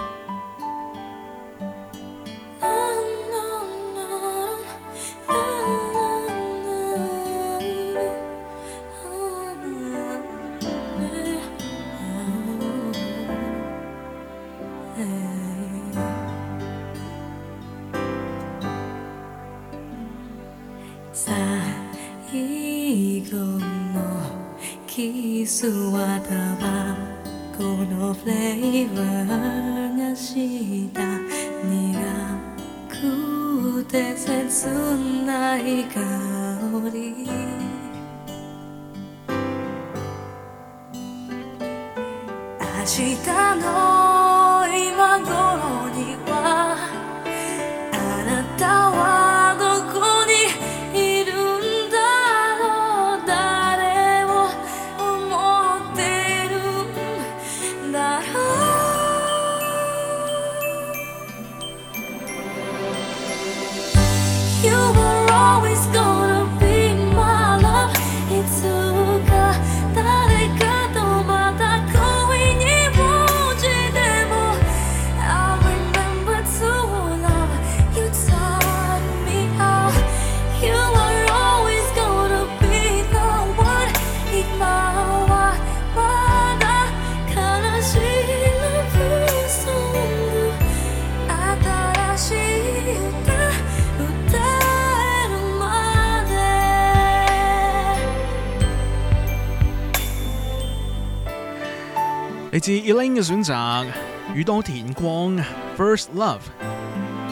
宇多田光，《First Love》。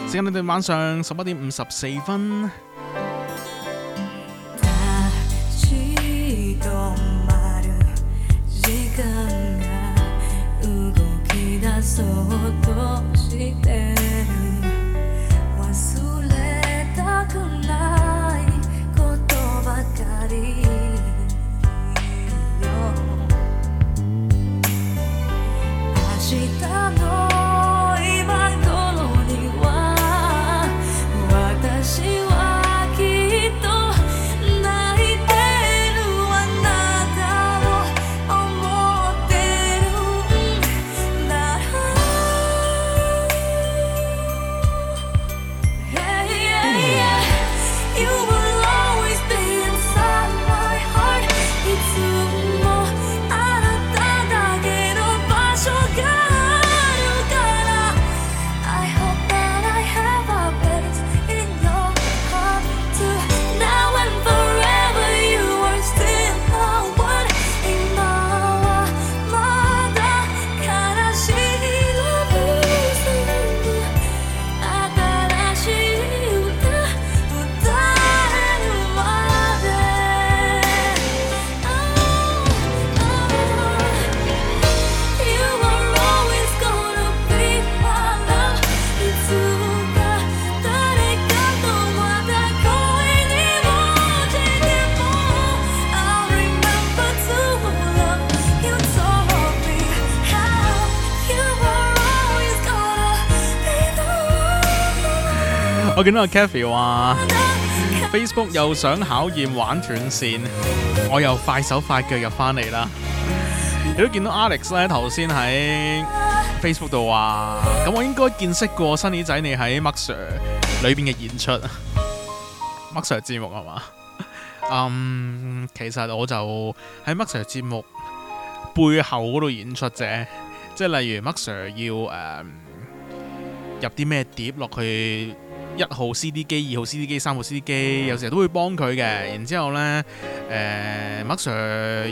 時間呢？到晚上十一點五十四分。我見到阿 Kathy 話 Facebook 又想考驗玩斷線，我又快手快腳入翻嚟啦。 [LAUGHS] 你都見到 Alex 咧，頭先喺 Facebook 度話，咁我應該見識過 Sunny 仔你喺 Maxer 裏邊嘅演出。 [LAUGHS] Maxer 節目係嘛？嗯，um, 其實我就喺 Maxer 節目背後嗰度演出啫，即係例如 Maxer 要誒、um, 入啲咩碟落去。一號 CD 機、二號 CD 機、三號 CD 機，有時候都會幫佢嘅。然之後呢，誒麥 Sir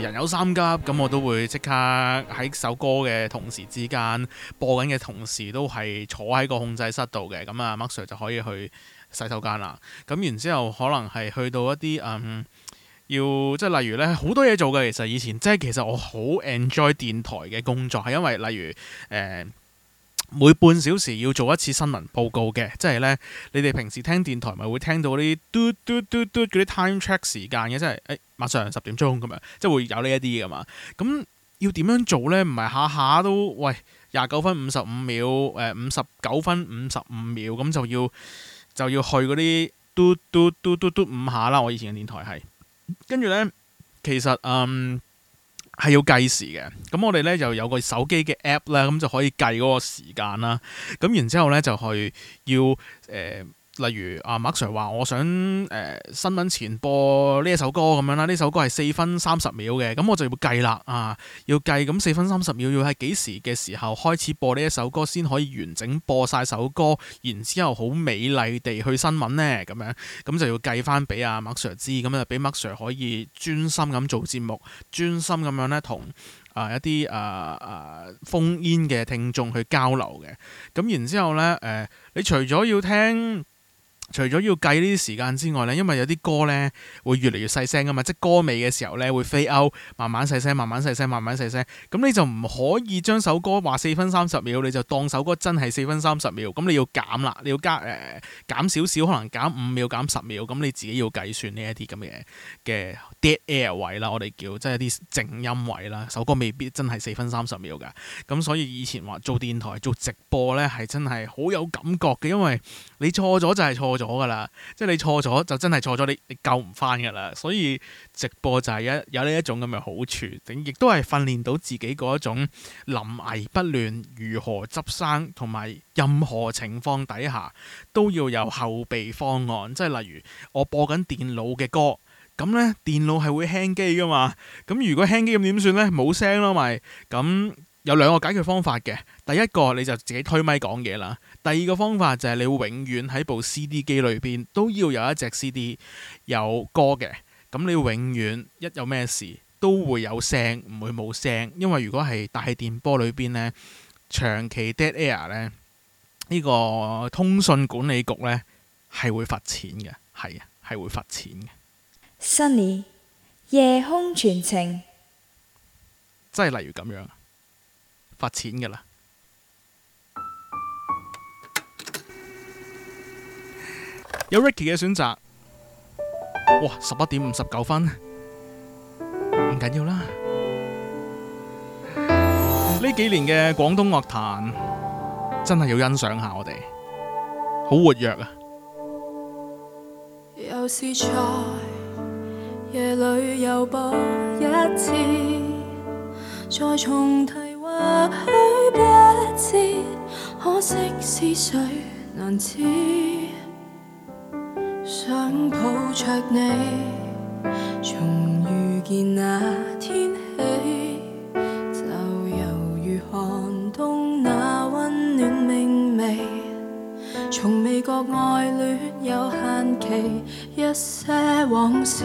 人有三急，咁我都會即刻喺首歌嘅同時之間播緊嘅同時，都係坐喺個控制室度嘅。咁啊麥 Sir 就可以去洗手間啦。咁然之後可能係去到一啲嗯，要即係例如呢，好多嘢做嘅。其實以前即係其實我好 enjoy 電台嘅工作，係因為例如誒。呃每半小時要做一次新聞報告嘅，即係呢。你哋平時聽電台咪會聽到啲嘟嘟嘟嘟嗰啲 time check 時間嘅，即係誒，晚上十點鐘咁樣，即係會有呢一啲嘅嘛。咁要點樣做呢？唔係下下都喂廿九分五十五秒，誒五十九分五十五秒咁就要就要去嗰啲嘟嘟嘟嘟嘟五下啦。我以前嘅電台係，跟住呢，其實嗯。係要計時嘅，咁我哋咧就有個手機嘅 app 啦，咁就可以計嗰個時間啦。咁然之後咧就去要誒。欸例如啊，麥 sir 話我想誒、呃、新聞前播呢一首歌咁樣啦，呢首歌係四分三十秒嘅，咁我就要計啦啊，要計咁四分三十秒要喺幾時嘅時候開始播呢一首歌先可以完整播晒首歌，然之後好美麗地去新聞呢？咁樣咁就要計翻俾阿麥 sir 知，咁啊俾麥 sir 可以專心咁做節目，專心咁樣咧同啊一啲啊啊烽煙嘅聽眾去交流嘅，咁然之後咧誒、呃，你除咗要聽。除咗要計呢啲時間之外咧，因為有啲歌咧會越嚟越細聲㗎嘛，即係歌尾嘅時候咧會 fade out，慢慢細聲，慢慢細聲，慢慢細聲。咁你就唔可以將首歌話四分三十秒，你就當首歌真係四分三十秒。咁你要減啦，你要加、呃、減少少，可能減五秒、減十秒。咁你自己要計算呢一啲咁嘅嘅。Dead air 位啦，我哋叫即係啲靜音位啦。首歌未必真係四分三十秒噶，咁所以以前話做電台做直播呢，係真係好有感覺嘅，因為你錯咗就係錯咗噶啦，即係你錯咗就真係錯咗，你你救唔翻噶啦。所以直播就係一有呢一種咁嘅好處，亦都係訓練到自己嗰一種臨危不亂，如何執生，同埋任何情況底下都要有後備方案，即係例如我播緊電腦嘅歌。咁咧，電腦係會輕機㗎嘛？咁如果輕機咁點算呢？冇聲咯，咪咁有兩個解決方法嘅。第一個你就自己推咪講嘢啦。第二個方法就係你永遠喺部 C D 機裏邊都要有一隻 C D 有歌嘅。咁你永遠一有咩事都會有聲，唔會冇聲。因為如果係大電波裏邊呢，長期 dead air 呢，呢、呢個通訊管理局呢係會罰錢嘅，係啊，係會罰錢嘅。Sunny，夜空傳情真係例如咁樣，發錢噶啦。有 Ricky 嘅選擇，哇！十一點五十九分，唔緊要啦。呢幾年嘅廣東樂壇真係要欣賞下我哋，好活躍啊！夜裏又播一次，再重提或許不知，可惜是水難知。想抱着你，從遇見那天起，就猶如寒冬那温暖明媚，從未覺愛戀有限期，一些往事。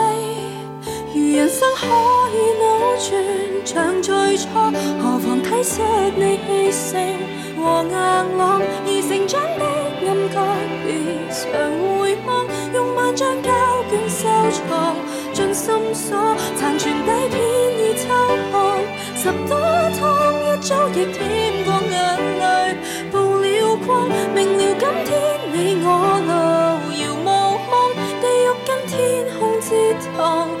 人生可以扭轉，像最初，何妨體恤你氣性和硬朗。而成長的暗角，別常回望，用萬張膠卷收藏，盡心所殘存，殘存底片已抽空，十多趟一盅，亦舔過眼淚，曝了光，明了今天你我路遙無望，地獄跟天空接壤。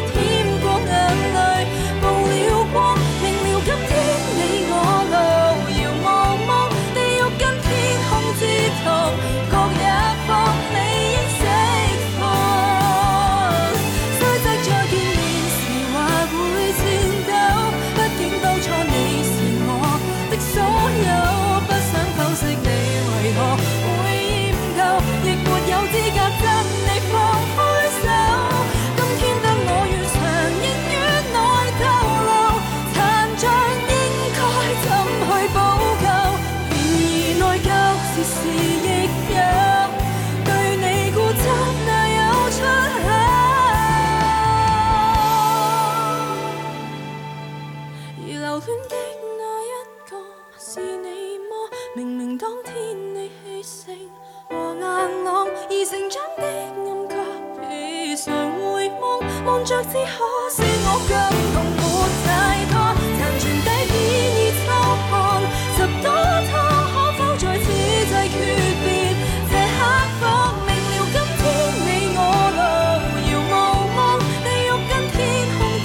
着絲，可惜我筋痛沒帶他，殘存底片已抽乾，十多他可否在此際訣別？這刻方明了，今天你我路遙無望，地獄跟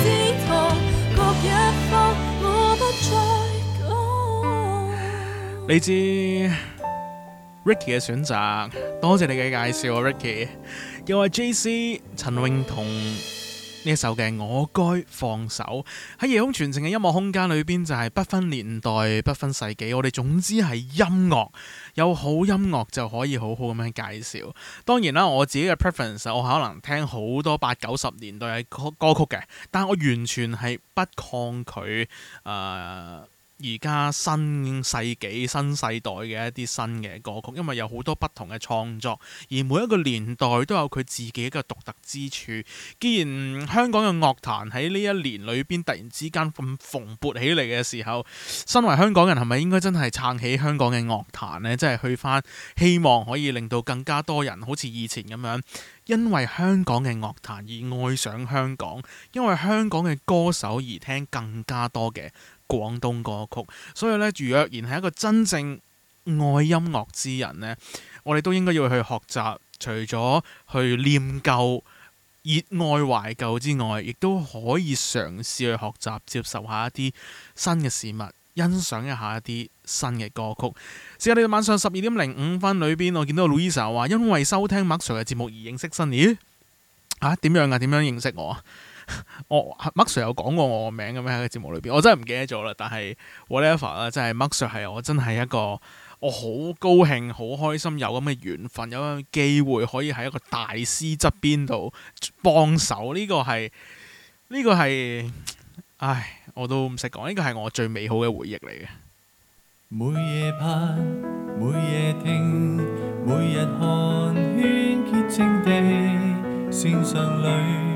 天堂，各一方，我不再講。你知 Ricky 嘅選擇，多謝你嘅介紹啊，Ricky，又係 JC 陳詠彤。呢首嘅《我該放手》喺夜空傳情嘅音樂空間裏邊就係不分年代、不分世紀。我哋總之係音樂，有好音樂就可以好好咁樣介紹。當然啦，我自己嘅 preference，我可能聽好多八九十年代嘅歌曲嘅，但我完全係不抗拒誒。呃而家新世紀、新世代嘅一啲新嘅歌曲，因為有好多不同嘅創作，而每一個年代都有佢自己嘅獨特之處。既然香港嘅樂壇喺呢一年裏邊突然之間咁蓬，蓬勃起嚟嘅時候，身為香港人，係咪應該真係撐起香港嘅樂壇咧？即係去翻，希望可以令到更加多人好似以前咁樣，因為香港嘅樂壇而愛上香港，因為香港嘅歌手而聽更加多嘅。廣東歌曲，所以咧，如若然係一個真正愛音樂之人呢，我哋都應該要去學習，除咗去念舊、熱愛懷舊之外，亦都可以嘗試去學習、接受下一啲新嘅事物，欣賞一下一啲新嘅歌曲。時間嚟到晚上十二點零五分裡面，裏邊我見到 Louisa 話因為收聽 Max Sir 嘅節目而認識新嘢，啊點樣啊？點樣認識我啊？我麥 Sir 有講過我個名咁樣喺個節目裏邊，我真係唔記得咗啦。但係 Whatever 啦，即係麥 Sir 係我真係一個我好高興、好開心有咁嘅緣分，有咁嘅機會可以喺一個大師側邊度幫手，呢、這個係呢、這個係，唉，我都唔識講，呢、這個係我最美好嘅回憶嚟嘅。每夜拍，每夜聽，每日看圈結，圈潔淨地線上裏。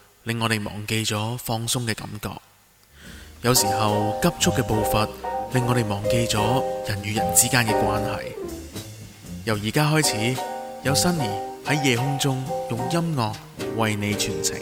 令我哋忘記咗放鬆嘅感覺，有時候急促嘅步伐令我哋忘記咗人與人之間嘅關係。由而家開始，有 Sunny 喺夜空中用音樂為你傳情。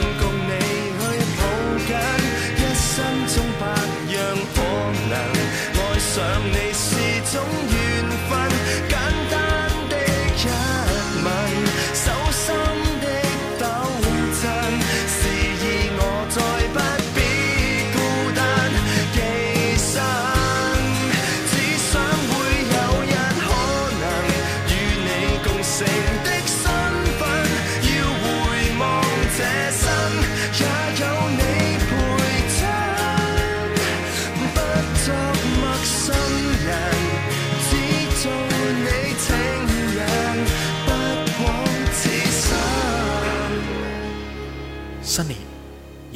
一生中百樣可能，愛上你是種緣分。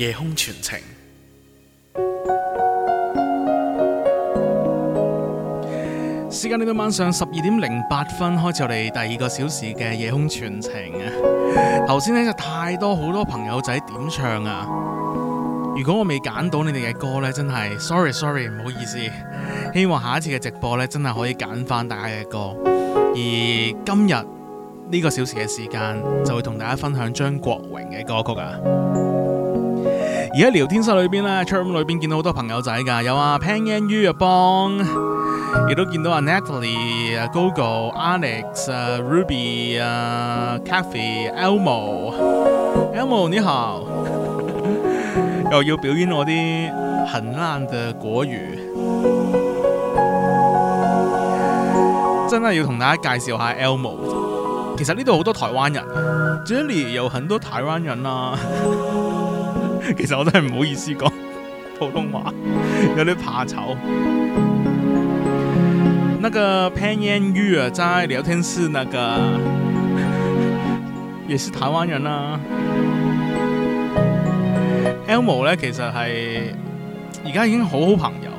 夜空傳情。時間嚟到晚上十二點零八分，開始我哋第二個小時嘅夜空傳情。啊！頭先咧就太多好多朋友仔點唱啊！如果我未揀到你哋嘅歌呢，真係 sorry sorry，唔好意思。希望下一次嘅直播呢，真係可以揀翻大家嘅歌。而今日呢個小時嘅時間，就會同大家分享張國榮嘅歌曲啊！而家聊天室裏邊咧 chatroom 裏面見到好多朋友仔㗎，有啊 Pan Yan、Yu、Bong，亦都見到阿、啊、Natalie、啊、Gogo、Alex、啊、Ruby 啊、啊 Cathy、Elmo。Elmo 你好， [LAUGHS] 又要表演我啲很爛嘅國語，真係要同大家介紹一下 Elmo。其實呢度好多台灣人 Jelly 有很多台灣人啊。 [LAUGHS] 其實我都係唔好意思講普通話，有啲怕醜。那個 Pan Yan Yu 啊，在聊天室那個，也是台灣人啦，啊。Elmo 咧其實係而家已經好好朋友。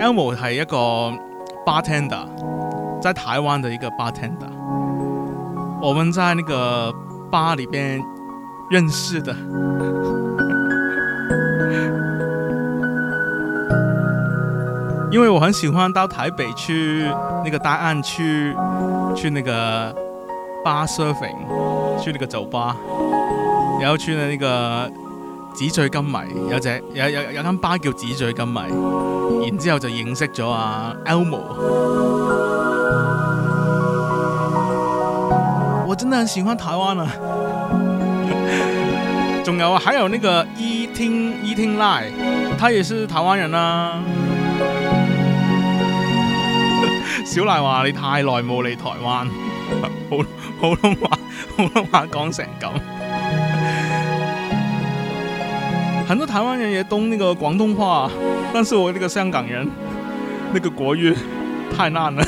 Elmo 係一個 bartender，在台灣的一個 bartender，我們在那個 bar 裏邊認識的。因為我很喜歡到台北去那個大安去去那個 bar surfing，去那個酒吧，有穿了那個紙醉金迷，有只有有有間 bar 叫紙醉金迷，然之後就認識咗啊 Elmo。我真的很喜歡台灣啊，仲 [LAUGHS] 有還有那個 Eating Eating Line，他也是台灣人啊。小麗話你太耐冇嚟台灣，普普通話普通話講成咁。很多台灣人也懂呢個廣東話，但是我呢個香港人呢個國語太難了。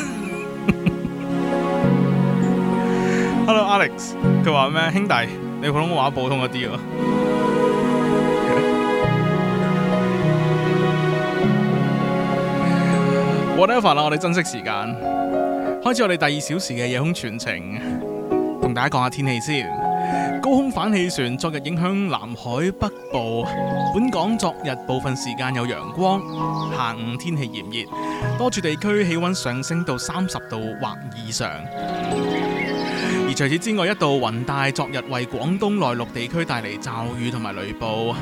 Hello Alex，佢話咩？兄弟，你普通話普通一啲啊？Whatever, 我哋翻啦，我哋珍惜時間，開始我哋第二小時嘅夜空傳情，同大家講下天氣先。高空反氣旋昨日影響南海北部，本港昨日部分時間有陽光，下午天氣炎熱，多處地區氣溫上升到三十度或以上。而除此之外，一道雲帶昨日為廣東內陸地區帶嚟驟雨同埋雷暴。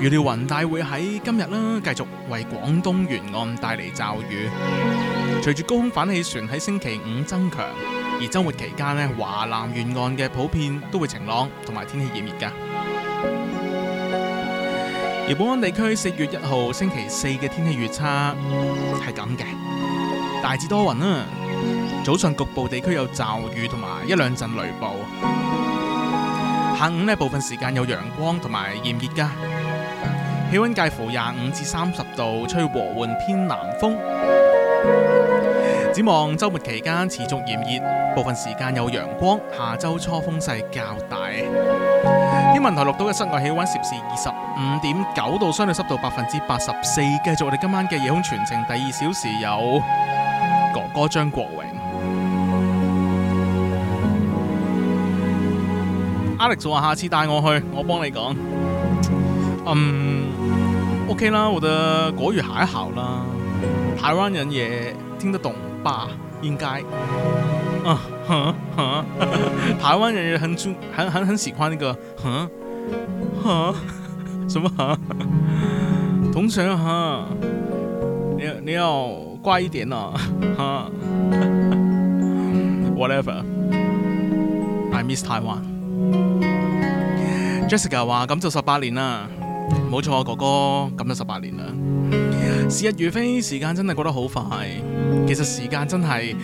預料雲帶會喺今日啦，繼續為廣東沿岸帶嚟驟雨。隨住高空反氣旋喺星期五增強，而周末期間咧，華南沿岸嘅普遍都會晴朗同埋天氣炎熱㗎。而本港地區四月一號星期四嘅天氣預測係咁嘅，大致多雲啊。早上局部地區有驟雨同埋一兩陣雷暴，下午呢部分時間有陽光同埋炎熱㗎，氣溫介乎廿五至三十度，吹和緩偏南風。展望周末期間持續炎熱，部分時間有陽光，下周初風勢較大。天文台錄到嘅室外氣溫攝氏二十五點九度，相對濕度百分之八十四。繼續我哋今晚嘅夜空傳情，第二小時有哥哥張國榮。Alex 就話：Alex, 下次帶我去，我幫你講。嗯、um，OK 啦，我的國語考一考啦。台灣人也聽得懂吧？應該。啊，哈，哈，台灣人很中，很很很喜歡那、這個，哈，哈，什麼？同學哈，huh? 你你要乖一點啊，哈 Huh? [LAUGHS] Whatever，I miss Taiwan。Jessica 話咁就十八年啦，冇錯，哥哥咁就十八年啦。時日如飛，時間真係過得好快。其實時間真係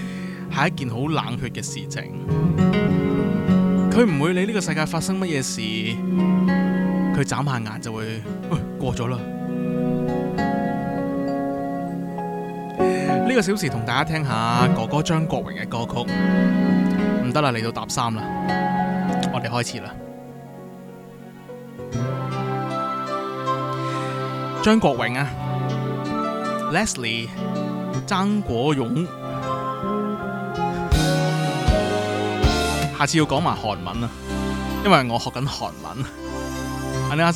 係一件好冷血嘅事情。佢唔會理呢個世界發生乜嘢事，佢眨下眼就會過咗啦。呢個小時同大家聽下哥哥張國榮嘅歌曲，唔得啦，嚟到搭三啦，我哋開始啦。張國榮啊，Leslie，張國榮，下次要講埋韓文，啊，因為我學緊韓文。你，啊、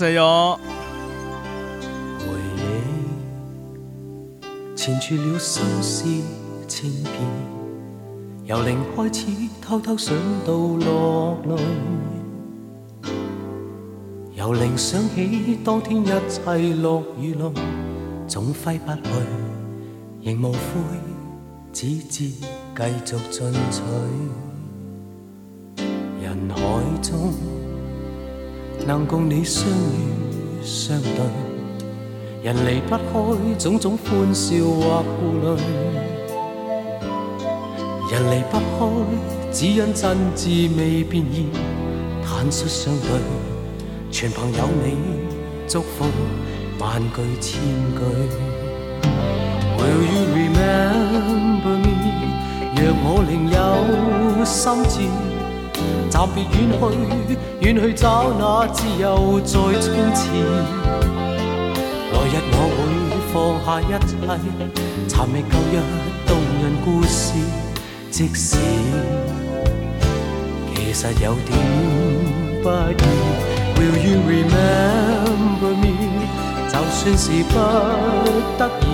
由零開始偷偷想到落淚。由零想起，當天一切樂與怒，總揮不去，仍無悔，只知繼續進取。人海中，能共你相遇相對，人離不開種種歡笑或顧慮，人離不開，只因真摯未變易，坦率相對。全憑有你祝福，萬句千句。Will you remember me？若我另有心志，暫別遠去，遠去找那自由再衝刺。來日我會放下一切，尋覓舊日動人故事。即使其實有點不易。Will you remember me？就算是不得已，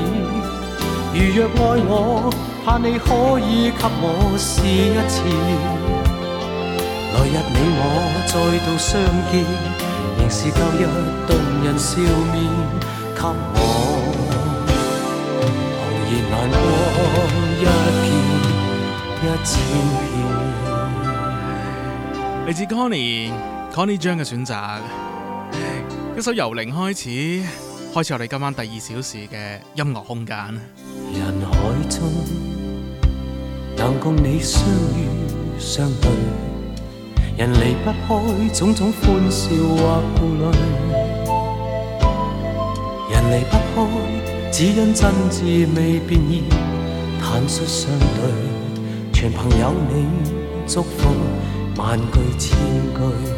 如若愛我，盼你可以給我試一次。來日你我再度相見，仍是舊日動人笑面，給我紅熱眼光一片，一千片。李志康年。看呢張嘅選擇，一首由零開始，開始我哋今晚第二小時嘅音樂空間。人海中能共你相遇相對，人離不開種種歡笑或顧慮，人離不開只因真摯未變異，坦率相對，全憑有你祝福萬句千句。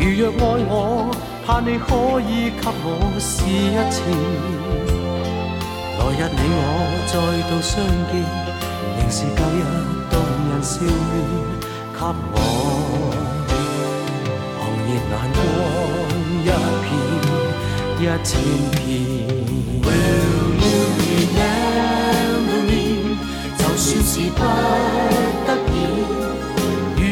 如若愛我，盼你可以給我試一次。來日你我再度相見，仍是舊日動人笑臉，給我狂熱眼光一片，一千片。Will you be 就算是不得已。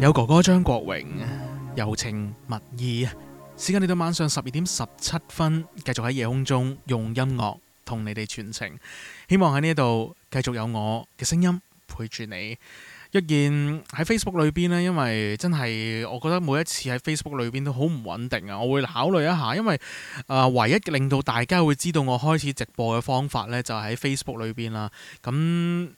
有哥哥張國榮，柔情蜜意，時間嚟到晚上十二點十七分，繼續喺夜空中用音樂同你哋傳情。希望喺呢度繼續有我嘅聲音陪住你。若然喺 Facebook 裏邊呢，因為真係我覺得每一次喺 Facebook 裏邊都好唔穩定啊！我會考慮一下，因為啊、呃，唯一令到大家會知道我開始直播嘅方法呢，就喺 Facebook 裏邊啦。咁。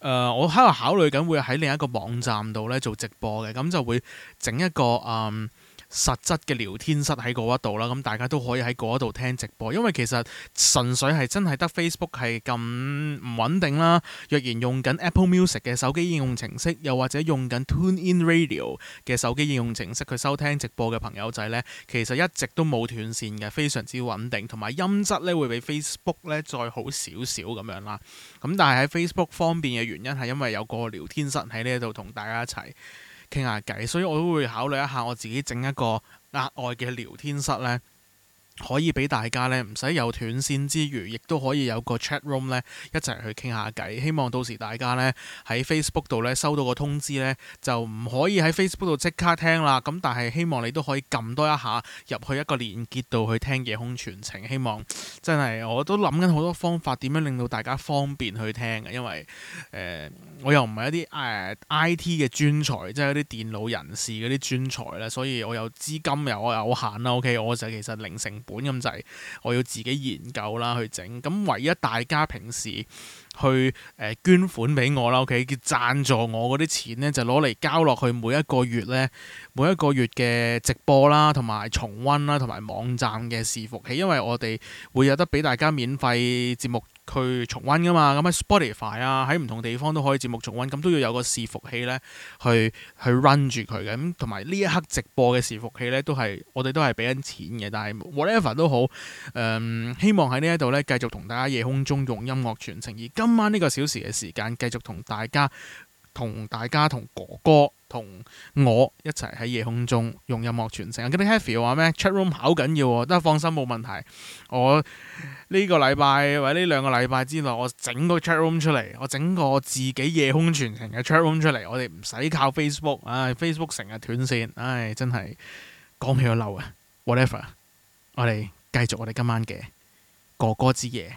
誒、呃，我喺度考慮緊會喺另一個網站度咧做直播嘅，咁就會整一個誒。嗯實質嘅聊天室喺嗰一度啦，咁大家都可以喺嗰一度聽直播。因為其實純粹係真係得 Facebook 係咁唔穩定啦。若然用緊 Apple Music 嘅手機應用程式，又或者用緊 TuneIn Radio 嘅手機應用程式去收聽直播嘅朋友仔呢，其實一直都冇斷線嘅，非常之穩定，同埋音質呢會比 Facebook 呢再好少少咁樣啦。咁但係喺 Facebook 方便嘅原因係因為有個聊天室喺呢度同大家一齊傾下偈，所以我都會考慮一下，我自己整一個額外嘅聊天室咧。可以俾大家咧，唔使有斷線之餘，亦都可以有個 chat room 咧，一齊去傾下偈。希望到時大家咧喺 Facebook 度咧收到個通知咧，就唔可以喺 Facebook 度即刻聽啦。咁但係希望你都可以撳多一下入去一個連結度去聽夜空傳情。希望真係我都諗緊好多方法點樣令到大家方便去聽嘅，因為、呃、我又唔係一啲 IT 嘅專才，即係一啲電腦人士嗰啲專才咧，所以我又資金又有限啦。OK，我就其實零成。咁就係，我要自己研究啦，去整。咁唯一大家平時去誒捐款俾我啦，OK？叫贊助我嗰啲錢呢，就攞嚟交落去，每一個月呢。每一個月嘅直播啦，同埋重溫啦，同埋網站嘅伺服器，因為我哋會有得俾大家免費節目去重溫噶嘛。咁喺 Spotify 啊，喺唔同地方都可以節目重溫，咁都要有個伺服器咧，去去 run 住佢嘅。咁同埋呢一刻直播嘅伺服器咧，都係我哋都係俾緊錢嘅。但係 whatever 都好，誒、嗯、希望喺呢一度咧，繼續同大家夜空中用音樂傳情，而今晚呢個小時嘅時間，繼續同大家同大家同哥哥。同我一齊喺夜空中用音樂傳承。我記得 Heavy 話咩？Chatroom 好緊要，得放心冇問題。我呢個禮拜或者呢兩個禮拜之內，我整個 chatroom 出嚟，我整個自己夜空傳情嘅 chatroom 出嚟，我哋唔使靠 Facebook，哎、Facebook。唉，Facebook 成日斷線，唉、哎，真係講起都嬲啊。Whatever，我哋繼續我哋今晚嘅哥哥之夜。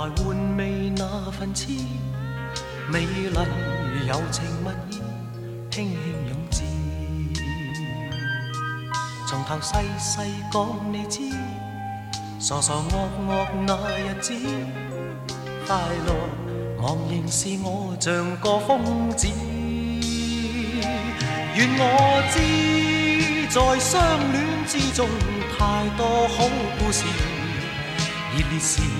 來換未那份痴，美麗柔情蜜意，輕輕湧至。從頭細細講你知，傻傻惡惡那日子，快樂茫然是我像個瘋子。願我知，在相戀之中太多好故事，熱烈時。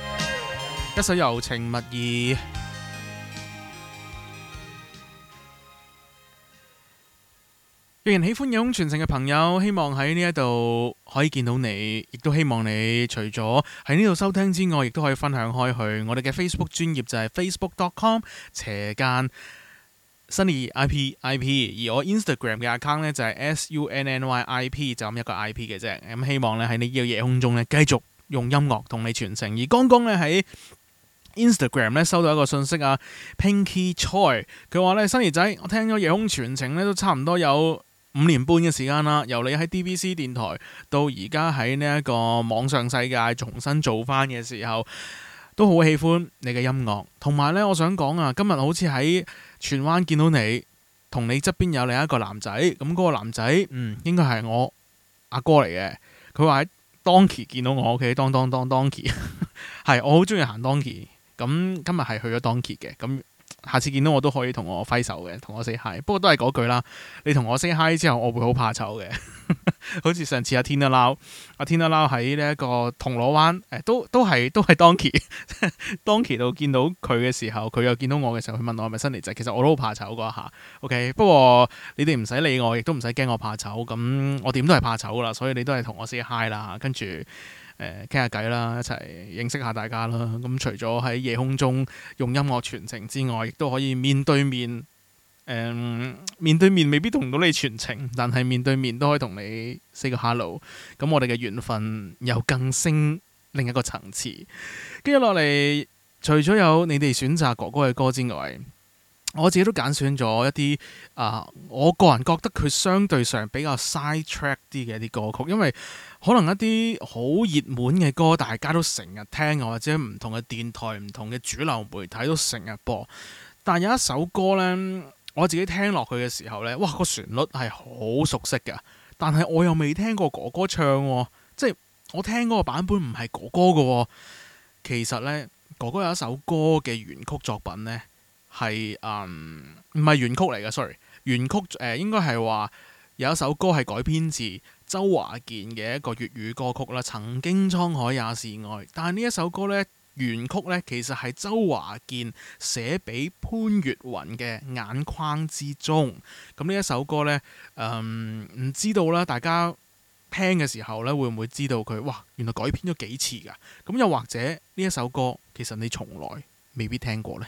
一首柔情蜜意，若然喜歡夜空傳情嘅朋友，希望喺呢一度可以見到你，亦都希望你除咗喺呢度收聽之外，亦都可以分享開去我哋嘅 Facebook 專頁就係 facebook.com 斜間 sunnyipip 而我 Instagram 嘅 account 呢就係 sunnyip 就咁一個 ip 嘅啫，咁希望呢喺呢個夜空中呢，繼續用音樂同你傳情，而剛剛呢喺。Instagram 咧收到一個信息啊，Pinky Choi 佢話咧，Sunny 仔，我聽咗夜空傳情咧都差唔多有五年半嘅時間啦。由你喺 DBC 電台到而家喺呢一個網上世界重新做翻嘅時候，都好喜歡你嘅音樂。同埋咧，我想講啊，今日好似喺荃灣見到你，同你側邊有另一個男仔，咁、那、嗰個男仔嗯應該係我阿哥嚟嘅。佢話喺 Donkey 見到我，OK，Don Don Don Donkey，係我好中意行 Donkey。咁今日係去咗 Donkey 嘅，咁下次見到我都可以同我揮手嘅，同我 say hi。不過都係嗰句啦，你同我 say hi 之後，我會 [LAUGHS] 好怕醜嘅，好似上次阿天都鬧，阿天都鬧喺呢一個銅鑼灣，誒、欸、都都係都係 Donkey，Donkey 到見到佢嘅時候，佢又見到我嘅時候，佢問我係咪新嚟仔，其實我都好怕醜㗎吓下。OK，不過你哋唔使理我，亦都唔使驚我怕醜。咁我點都係怕醜㗎啦，所以你都係同我 say hi 啦，跟住。誒傾下偈啦，一齊認識下大家啦。咁除咗喺夜空中用音樂傳情之外，亦都可以面對面。嗯、面對面未必同到你傳情，但係面對面都可以同你 say 個 hello。咁我哋嘅緣分又更升另一個層次。跟住落嚟，除咗有你哋選擇哥哥嘅歌之外，我自己都揀選咗一啲啊，呃，我個人覺得佢相對上比較 side track 啲嘅一啲歌曲，因為可能一啲好熱門嘅歌，大家都成日聽，或者唔同嘅電台、唔同嘅主流媒體都成日播。但有一首歌呢，我自己聽落去嘅時候呢，哇，個旋律係好熟悉嘅，但係我又未聽過哥哥唱喎，即係我聽嗰個版本唔係哥哥嘅喎。其實呢，哥哥有一首歌嘅原曲作品呢。.係，嗯，唔係原曲嚟嘅。Sorry，原曲誒、呃、應該係話有一首歌係改編自周華健嘅一個粵語歌曲啦。曾經滄海也是愛，但係呢一首歌咧原曲咧其實係周華健寫俾潘越雲嘅眼眶之中。咁呢一首歌咧，嗯，唔知道咧，大家聽嘅時候咧會唔會知道佢哇？原來改編咗幾次㗎、啊？咁又或者呢一首歌其實你從來未必聽過咧？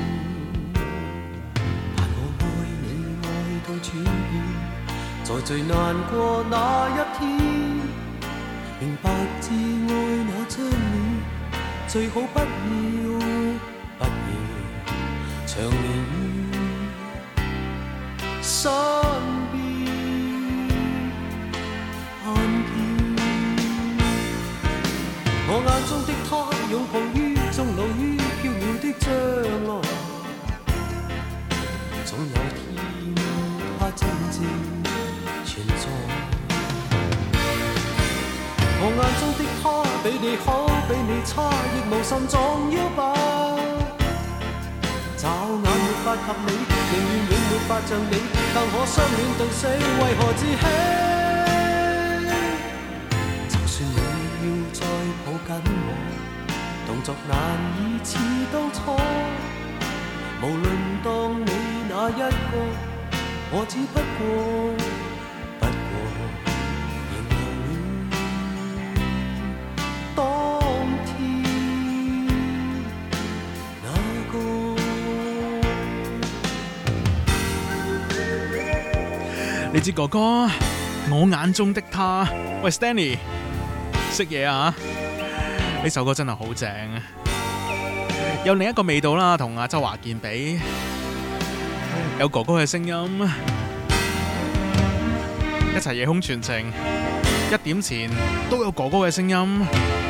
在最難過那一天，明白摯愛那張臉，最好不要不要長眠於身邊，我眼中的。眼中的他比你好，比你差，亦無甚重要吧？驟眼沒法及你，永遠永沒法像你，但可相戀到死，為何自欺？就算你要再抱緊我，動作難以似當初。無論當你哪一個，我只不過。你知哥哥，我眼中的他。喂，Stanley，識嘢啊！呢首歌真係好正啊！有另一個味道啦，同阿周華健比，有哥哥嘅聲音，一齊夜空傳情。一點前都有哥哥嘅聲音。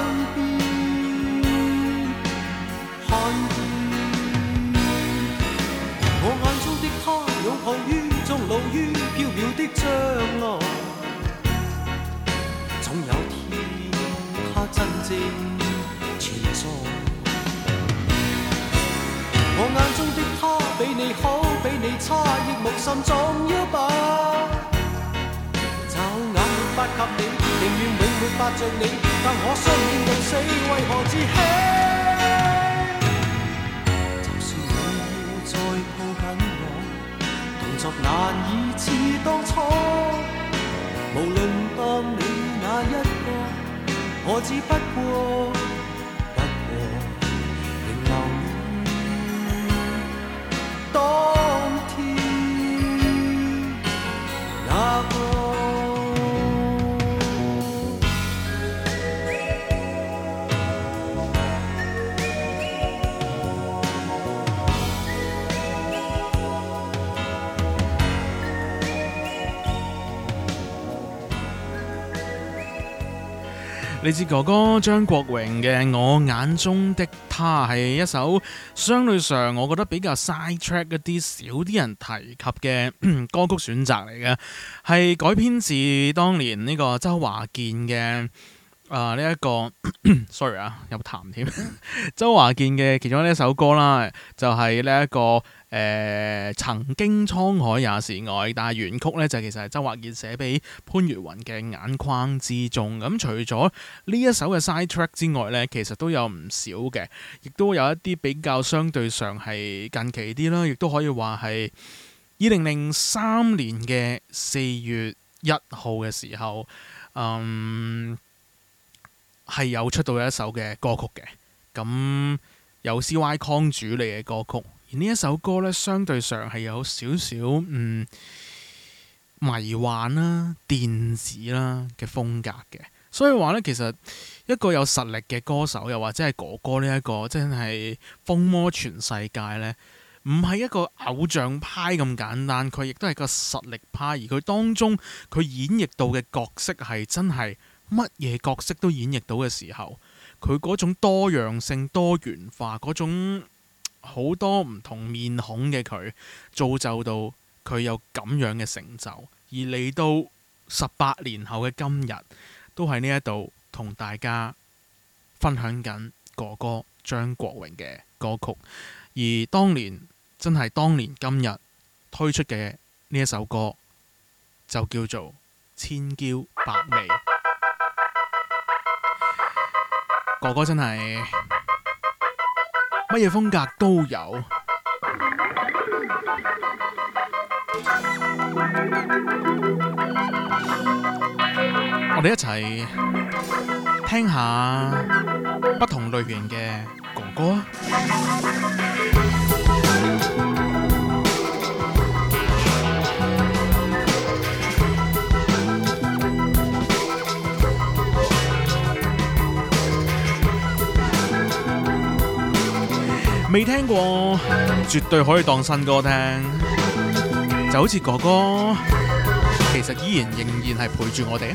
於終老於縹緲的將來，總有天他真正存在。我眼中的他比你好，比你差亦無甚重要吧。找眼沒法及你，寧願永沒法像你，但我相戀到死，為何自欺？實在難以似當初，無論當你哪一個，我只不過不過，仍留戀。你知哥哥張國榮嘅《我眼中的他》係一首相對上我覺得比較 side track 嗰啲，少啲人提及嘅歌曲選擇嚟嘅，係改編自當年呢個周華健嘅。啊！呢一、呃、這個 [COUGHS] sorry 啊，有談添。 [LAUGHS] 周華健嘅其中呢一首歌啦，就係呢一個誒、呃、曾經滄海也是愛，但係原曲呢，就其實係周華健寫俾潘越雲嘅眼眶之中。咁、嗯、除咗呢一首嘅 side track 之外呢，其實都有唔少嘅，亦都有一啲比較相對上係近期啲啦，亦都可以話係二零零三年嘅四月一號嘅時候，嗯。係有出到一首嘅歌曲嘅，咁由 C.Y. Kong 主理嘅歌曲，而呢一首歌呢，相對上係有少少嗯迷幻啦、電子啦嘅風格嘅，所以話呢，其實一個有實力嘅歌手，又或者係哥哥呢、這、一個真係風魔全世界呢，唔係一個偶像派咁簡單，佢亦都係個實力派，而佢當中佢演繹到嘅角色係真係。乜嘢角色都演繹到嘅時候，佢嗰種多樣性、多元化嗰種好多唔同面孔嘅佢，造就到佢有咁樣嘅成就。而嚟到十八年後嘅今日，都喺呢一度同大家分享緊哥哥張國榮嘅歌曲。而當年真係當年今日推出嘅呢一首歌，就叫做《千嬌百媚》。哥哥真係乜嘢風格都有，我哋一齊聽下不同類型嘅哥哥。未聽過，絕對可以當新歌聽，就好似哥哥，其實依然仍然係陪住我哋。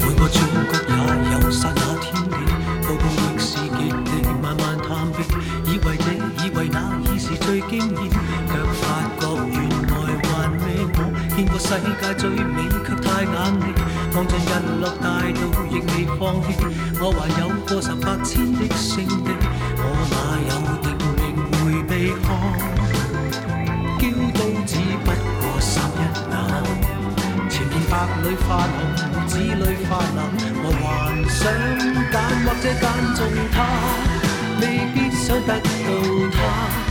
每個轉角也有刹那天地，步步越是極地，慢慢探秘，以為這以為那已是最驚豔，卻發覺原來還未，我見過世界最美卻太眼力，望盡日落大道亦未放棄，我還有個十八千勝的勝地，我哪有？地方，嬌都 [MUSIC] 只不過三日冷，前面白裏泛紅，紫裏泛藍，我還想揀，或者揀中他，未必想得到他。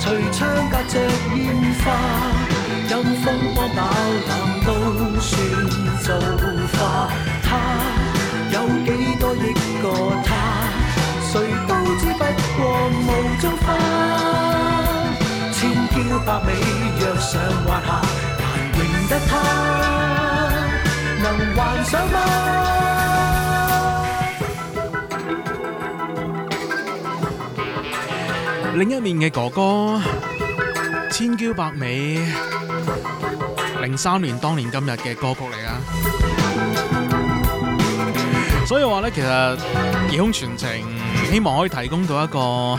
櫥窗隔着煙花，任風光飽淡都算造化。他有幾多億個他，誰都只不過霧中花。千嬌百美，若上或下，但贏得他，能幻想嗎、啊？另一面嘅哥哥，千嬌百美，零三年當年今日嘅歌曲嚟噶，所以話咧，其實夜空傳情，希望可以提供到一個。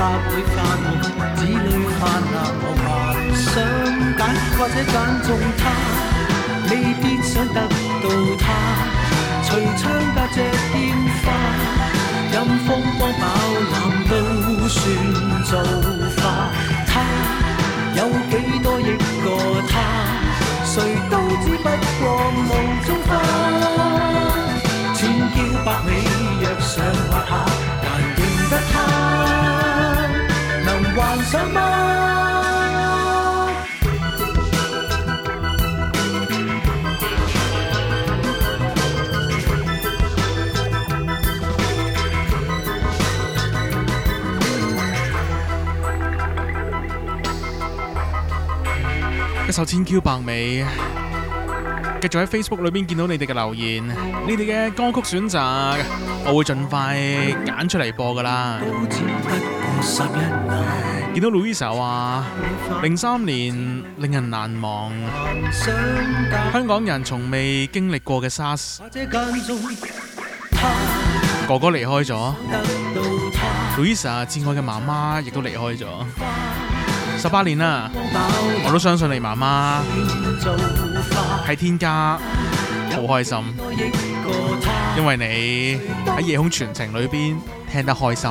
不會發夢，子女泛濫，我不想揀，或者揀中他，未必想得到他，櫥窗隔着煙花，任風光飽覽都算造化。他有幾多億個他，誰都只不過夢中花，千嬌百美若上若下。一首《千嬌百媚》，繼續喺 Facebook 裏邊見到你哋嘅留言，你哋嘅歌曲選擇，我會盡快揀出嚟播㗎喇。見到 Louisa 話，零三年令人難忘，香港人從未經歷過嘅 SARS，哥哥離開咗，Louisa，至愛嘅媽媽亦都離開咗，十八年啦，我都相信你媽媽係天家，好開心，因為你喺夜空傳情裏邊聽得開心。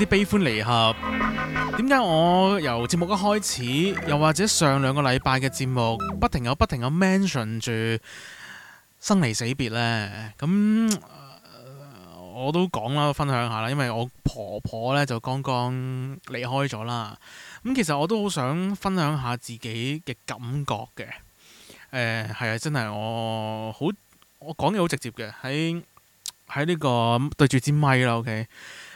啲悲歡離合，點解我由節目一開始，又或者上兩個禮拜嘅節目，不停有不停有 mention 住生離死別呢？咁我都講啦，分享下啦，因為我婆婆呢，就剛剛離開咗啦。咁其實我都好想分享下自己嘅感覺嘅。誒、呃，係啊，真係我好，我講嘢好直接嘅，喺喺呢個對住支咪啦，OK。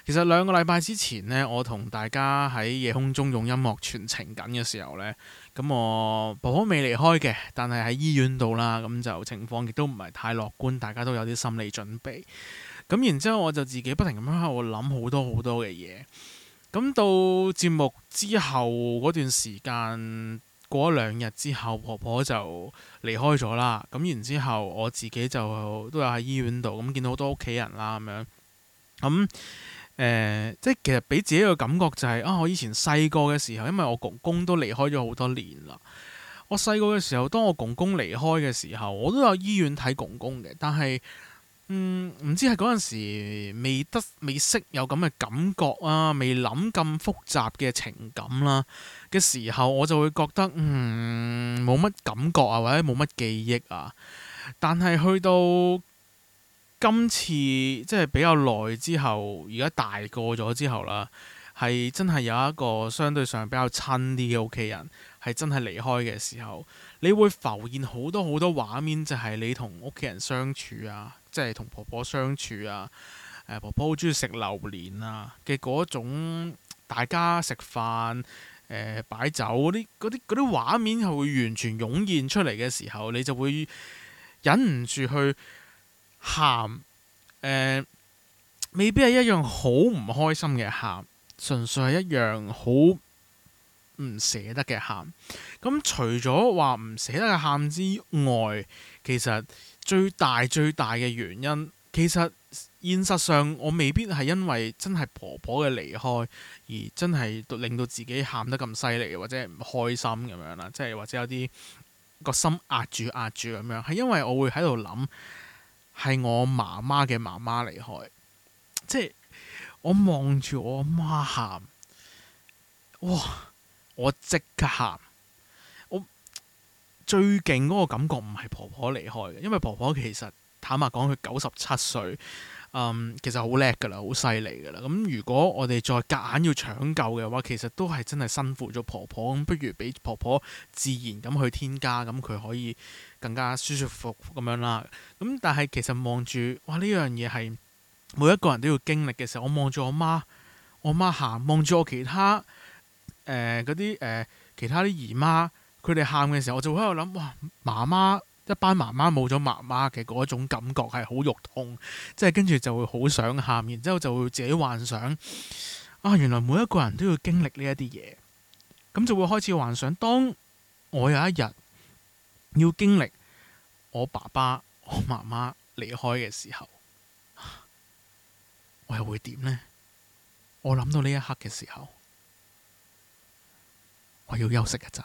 其實兩個禮拜之前呢，我同大家喺夜空中用音樂傳情緊嘅時候呢，咁我婆婆未離開嘅，但係喺醫院度啦，咁就情況亦都唔係太樂觀，大家都有啲心理準備。咁然之後我就自己不停咁樣喺度諗好多好多嘅嘢。咁到節目之後嗰段時間，過咗兩日之後，婆婆就離開咗啦。咁然之後我自己就都有喺醫院度，咁見到好多屋企人啦，咁樣咁。誒、呃，即係其實俾自己個感覺就係、是、啊，我以前細個嘅時候，因為我公公都離開咗好多年啦。我細個嘅時候，當我公公離開嘅時候，我都有醫院睇公公嘅，但係，唔、嗯、知係嗰陣時未得未識有咁嘅感覺啊，未諗咁複雜嘅情感啦、啊、嘅時候，我就會覺得嗯冇乜感覺啊，或者冇乜記憶啊。但係去到今次即係比較耐之後，而家大個咗之後啦，係真係有一個相對上比較親啲嘅屋企人，係真係離開嘅時候，你會浮現好多好多畫面，就係你同屋企人相處啊，即係同婆婆相處啊。誒，婆婆好中意食榴槤啊嘅嗰種，大家食飯誒、呃、擺酒嗰啲嗰啲嗰啲畫面係會完全湧現出嚟嘅時候，你就會忍唔住去喊誒、呃、未必係一樣好唔開心嘅喊，純粹係一樣好唔捨得嘅喊。咁除咗話唔捨得嘅喊之外，其實最大最大嘅原因，其實現實上我未必係因為真係婆婆嘅離開而真係令到自己喊得咁犀利，或者唔開心咁樣啦，即係或者有啲個心壓住壓住咁樣，係因為我會喺度諗。係我媽媽嘅媽媽離開，即係我望住我媽喊，哇！我即刻喊，我最勁嗰個感覺唔係婆婆離開嘅，因為婆婆其實坦白講，佢九十七歲，嗯，其實好叻㗎喇，好犀利㗎喇。咁如果我哋再夾硬要搶救嘅話，其實都係真係辛苦咗婆婆。咁不如俾婆婆自然咁去天家，咁佢可以。更加舒舒服服咁樣啦，咁但係其實望住哇，呢樣嘢，係每一個人都要經歷嘅時候，我望住我媽，我媽喊，望住我其他誒嗰啲誒其他啲姨媽，佢哋喊嘅時候，我就會喺度諗哇，媽媽一班媽媽冇咗媽媽嘅嗰種感覺係好肉痛，即係跟住就會好想喊，然之後就，就會自己幻想啊，原來每一個人都要經歷呢一啲嘢，咁就會開始幻想，當我有一日。要經歷我爸爸、我媽媽離開嘅時候，我又會點呢？我諗到呢一刻嘅時候，我要休息一陣。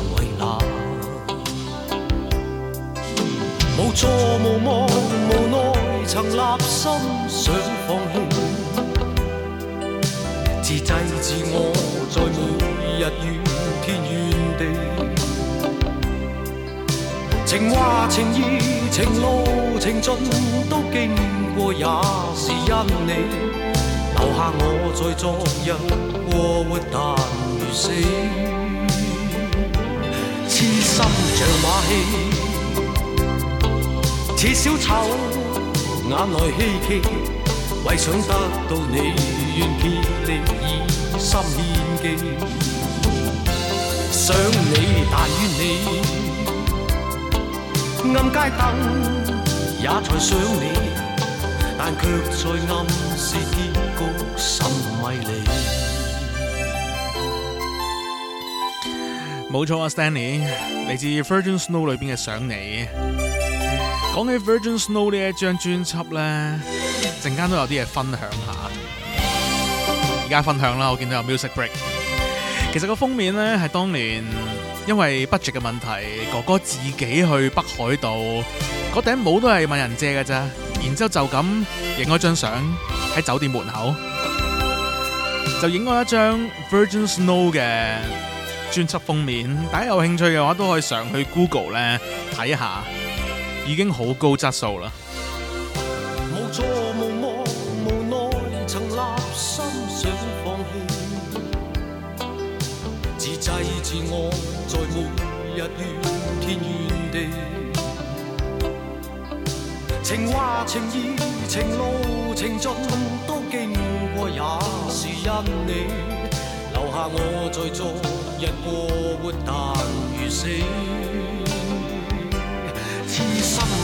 無錯無望無奈，曾立心想放棄，自制自我在每日怨天怨地。情話情意情路情盡都經過，也是因你留下我在昨日過活，但如死，癡心像馬戲。似小丑，眼內希冀，為想得到你，願竭力以心獻技。想你，但願你，暗街燈也在想你，但却在暗示結局甚迷離。冇錯啊，Stanley，來自 Virgin Snow 裏邊嘅想你。講起 Virgin Snow 一張專輯呢一張專輯呢，陣間都有啲嘢分享下。而家分享啦，我見到有 music break。其實個封面呢，係當年因為 budget 嘅問題，哥哥自己去北海道，嗰頂帽都係問人借㗎啫。然之後就咁影咗張相喺酒店門口，就影咗一張 Virgin Snow 嘅專輯封面。大家有興趣嘅話，都可以上去 Google 咧睇下。已經好高質素啦。無助無望無奈，曾立心想放棄，自製自我，在每一片天地，情話、情意、情路、情重，都經過，也是因你留下，我在昨夜過活，但如死。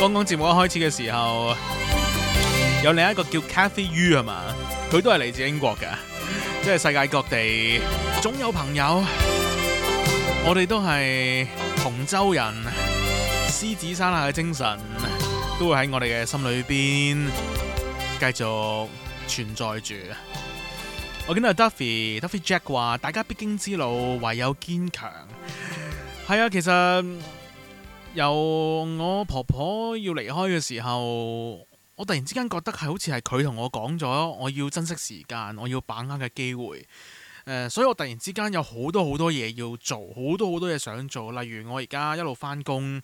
剛剛節目開始嘅時候，有另一個叫 Cathy U 吖嘛，佢都係嚟自英國嘅，即係世界各地總有朋友，我哋都係同舟人，獅子山下嘅精神都會喺我哋嘅心裏邊繼續存在住。我見到 Duffy，Duffy Jack 話，大家必經之路唯有堅強。係啊，其實。由我婆婆要離開嘅時候，我突然之間覺得係好似係佢同我講咗，我要珍惜時間，我要把握嘅機會，呃，所以我突然之間有好多好多嘢要做，好多好多嘢想做。例如我而家一路返工，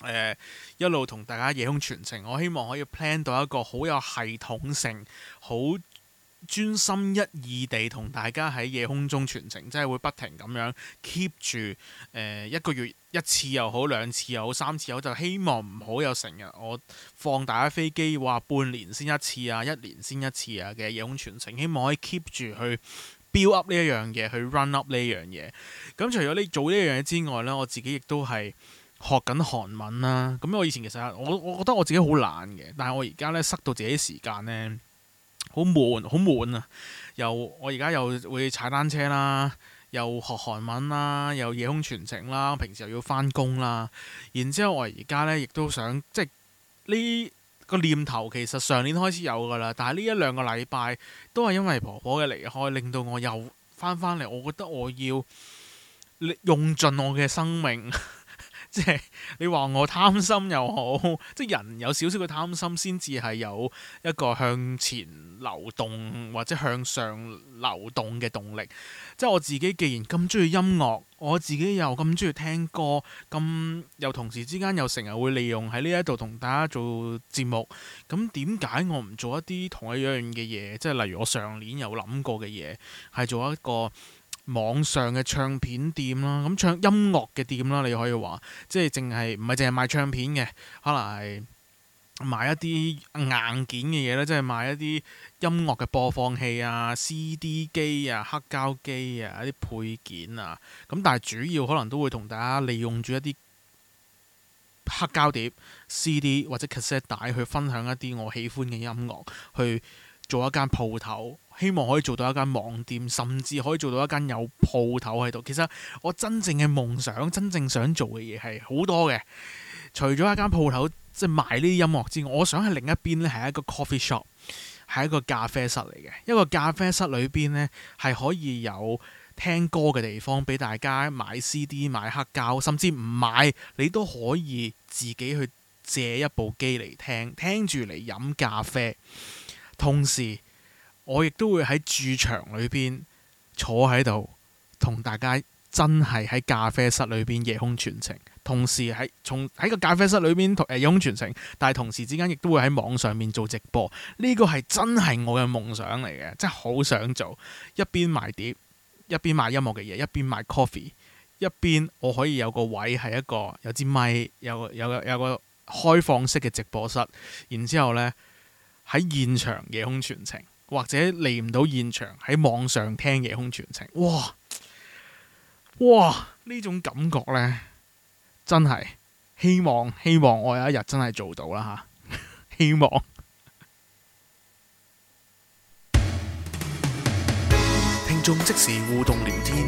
誒，一路同大家夜空傳情，我希望可以 plan 到一個好有系統性，好。專心一意地同大家喺夜空中傳情，即係會不停咁樣 keep 住一個月一次又好，兩次又好，三次又好，就希望唔好有成日我放大架飛機話半年先一次啊，一年先一次啊嘅夜空傳情，希望可以 keep 住去 build up 呢一樣嘢，去 run up 呢樣嘢。咁除咗你做呢樣嘢之外呢，我自己亦都係學緊韓文啦。咁我以前其實我我覺得我自己好懶嘅，但係我而家呢，塞到自己時間呢。好悶，好悶啊！又我而家又會踩單車啦，又學韓文啦，又夜空傳情啦，平時又要返工啦。然之後我而家呢，亦都想即呢、這個念頭，其實上年開始有㗎啦。但係呢一兩個禮拜都係因為婆婆嘅離開，令到我又翻返嚟。我覺得我要用盡我嘅生命。即係你話我貪心又好，即係人有少少嘅貪心先至係有一個向前流動或者向上流動嘅動力。即係我自己既然咁中意音樂，我自己又咁中意聽歌，咁又同時之間又成日會利用喺呢一度同大家做節目，咁點解我唔做一啲同一樣嘅嘢？即係例如我上年有諗過嘅嘢，係做一個網上嘅唱片店啦，咁唱音樂嘅店啦，你可以話即係淨係唔係淨係賣唱片嘅，可能係賣一啲硬件嘅嘢啦，即係賣一啲音樂嘅播放器啊、CD 機啊、黑膠機啊、一啲配件啊。咁但係主要可能都會同大家利用住一啲黑膠碟、CD 或者 cassette 帶去分享一啲我喜歡嘅音樂，去做一間鋪頭。希望可以做到一間網店，甚至可以做到一間有鋪頭喺度。其實我真正嘅夢想，真正想做嘅嘢係好多嘅。除咗一間鋪頭，即係賣呢啲音樂之外，我想喺另一邊咧，係一個 coffee shop，係一個咖啡室嚟嘅。一個咖啡室裏邊咧，係可以有聽歌嘅地方，俾大家買 CD、買黑膠，甚至唔買，你都可以自己去借一部機嚟聽，聽住嚟飲咖啡，同時。我亦都會喺駐場裏面坐喺度，同大家真係喺咖啡室裏面夜空傳情。同時喺從喺個咖啡室裏面同、呃、夜空傳情，但係同時之間亦都會喺網上面做直播。呢、呢個係真係我嘅夢想嚟嘅，真係好想，想做。一邊賣碟，一邊賣音樂嘅嘢，一邊賣 coffee，一邊我可以有個位係一個有支咪，有有有個開放式嘅直播室，然之後呢，喺現場夜空傳情。或者嚟唔到現場，喺網上聽夜空傳情，哇哇，呢種感覺呢，真係希望希望我有一日真係做到啦嚇！希望聽眾即時互動聊天，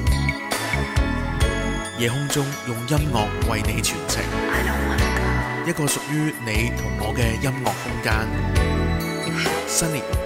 夜空中用音樂為你傳情，一個屬於你同我嘅音樂空間，新年。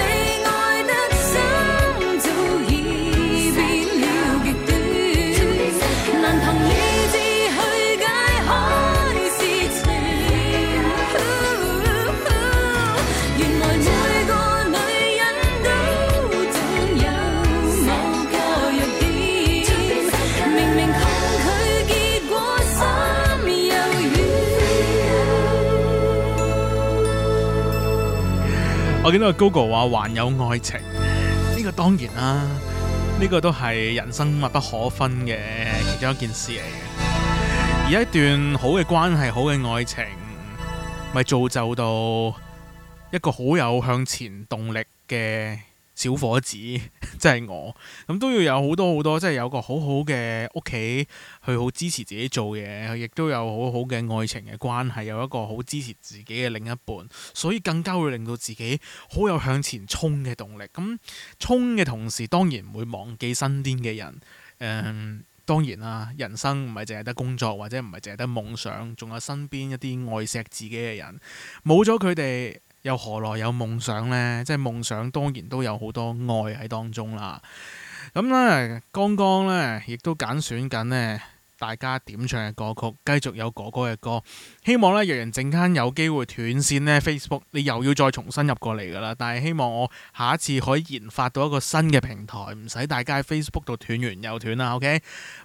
見到 Google 話還有愛情，呢、這個當然啦、啊，呢、這個都係人生密不可分嘅其中一件事嚟嘅。而一段好嘅關係，好嘅愛情，咪造就到一個好有向前動力嘅。小伙子即係我，咁都要有好多好多，即係有個好好嘅屋企去好支持自己做嘢，亦都有好好嘅愛情嘅關係，有一個好支持自己嘅另一半，所以更加會令到自己好有向前衝嘅動力。咁衝嘅同時，當然唔會忘記身邊嘅人。誒、嗯，當然啦，人生唔係淨係得工作或者唔係淨係得夢想，仲有身邊一啲愛錫自己嘅人，冇咗佢哋。又何來有夢想咧？即係夢想當然都有好多愛喺當中啦。咁咧，剛剛咧亦都揀選緊咧。大家點唱嘅歌曲，繼續有哥哥嘅歌。希望咧，若然陣間有機會斷線咧，Facebook 你又要再重新入過嚟㗎啦。但係希望我下一次可以研發到一個新嘅平台，唔使大家喺 Facebook 度斷完又斷啦。OK，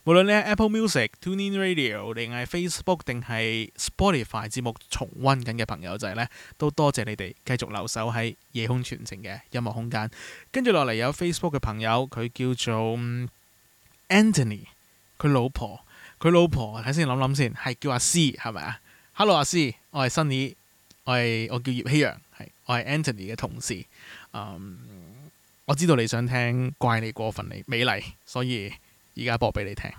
無論你係 Apple Music、Tune In Radio 定係 Facebook 定係 Spotify，節目重溫緊嘅朋友仔咧，都多謝你哋繼續留守喺夜空傳情嘅音樂空間。跟住落嚟有 Facebook 嘅朋友，佢叫做 Anthony，佢老婆。佢老婆睇先諗諗先，係叫阿詩，係咪啊？Hello 阿詩，我係 Sunny，我係我叫葉希揚，係我係 Anthony 嘅同事。Um, 我知道你想聽怪你過分你美美麗，所以而家播俾你聽。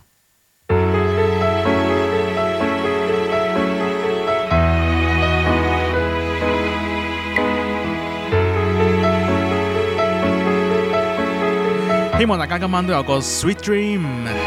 希望大家今晚都有個 sweet dream。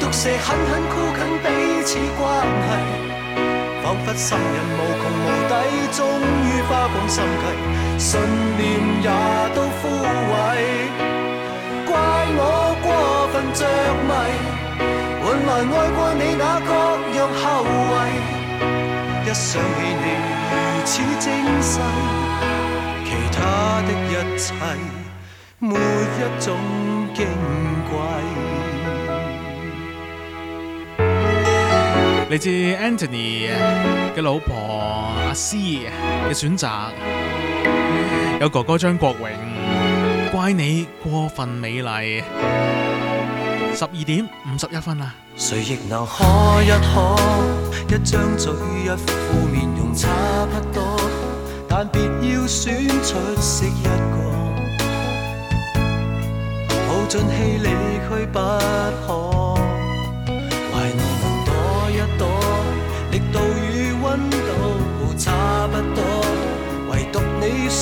毒蛇狠狠箍緊彼此關係，仿佛心癮無窮無底，終於花光心計，信念也都枯萎。怪我過分着迷，換來愛過你那各樣後遺。一想起你如此精細，其他的一切沒一種矜貴。嚟自 Anthony 嘅老婆阿詩嘅選擇有哥哥張國榮怪你過分美麗十二點五十一分啦。誰亦能可一可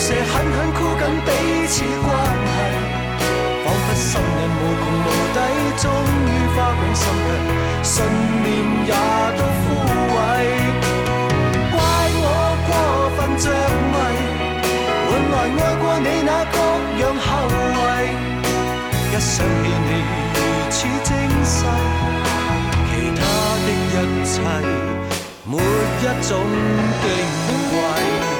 些狠狠箍緊彼此關係，仿佛信任無窮無底，終於花光心計，信念也都枯萎。怪我過分着迷，換來愛過你那各樣後遺。一想起你如此精細，其他的一切沒一種矜貴。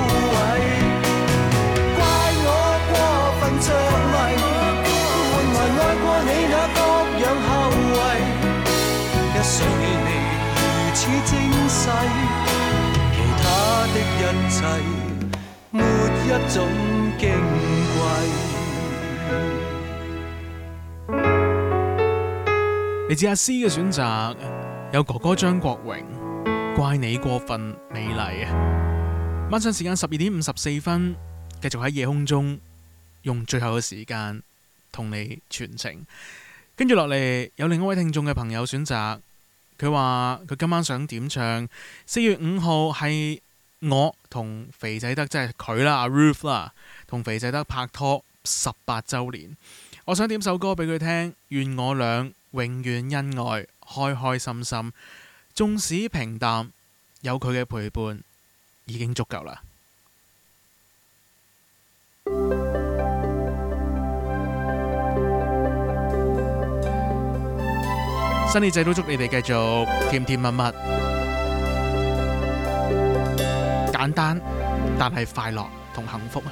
其他的一切，沒一種矜貴。你知阿詩嘅選擇有哥哥張國榮，怪你過分美麗啊！晚上時間十二點五十四分，繼續喺夜空中用最後嘅時間同你傳情。跟住落嚟有另一位聽眾嘅朋友選擇。佢話：佢今晚想點唱？四月五號係我同肥仔德，即係佢啦，阿 Ruth 啦，同肥仔德拍拖十八週年。我想點首歌俾佢聽，願我倆永遠恩愛，開開心心，縱使平淡，有佢嘅陪伴已經足夠啦。新李仔都祝你哋繼續甜甜蜜蜜，簡單但係快樂同幸福啊！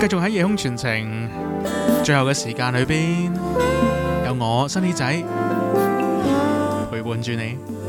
繼續喺夜空傳情最後嘅時間裏面，有我 Sunny 仔陪伴住你。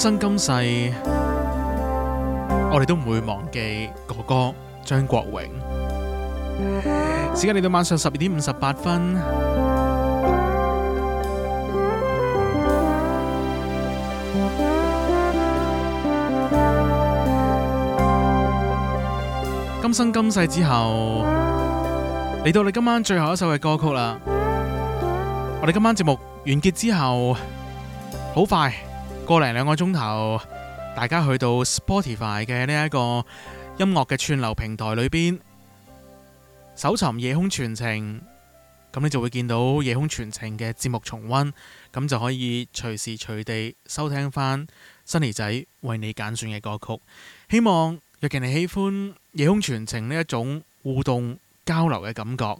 今生今世，我哋都唔會忘記哥哥張國榮。時間嚟到晚上十二點五十八分，今生今世之後，嚟到你今晚最後一首嘅歌曲啦。我哋今晚節目完結之後，好快。過嚟兩個鐘頭，大家去到 Spotify 嘅呢一個音樂嘅串流平台裏邊，搜尋《夜空傳情》，咁你就會見到《夜空傳情》嘅節目重溫，咁就可以隨時隨地收聽翻 Sunny 仔為你揀選嘅歌曲。希望若然你喜歡《夜空傳情》呢一種互動交流嘅感覺，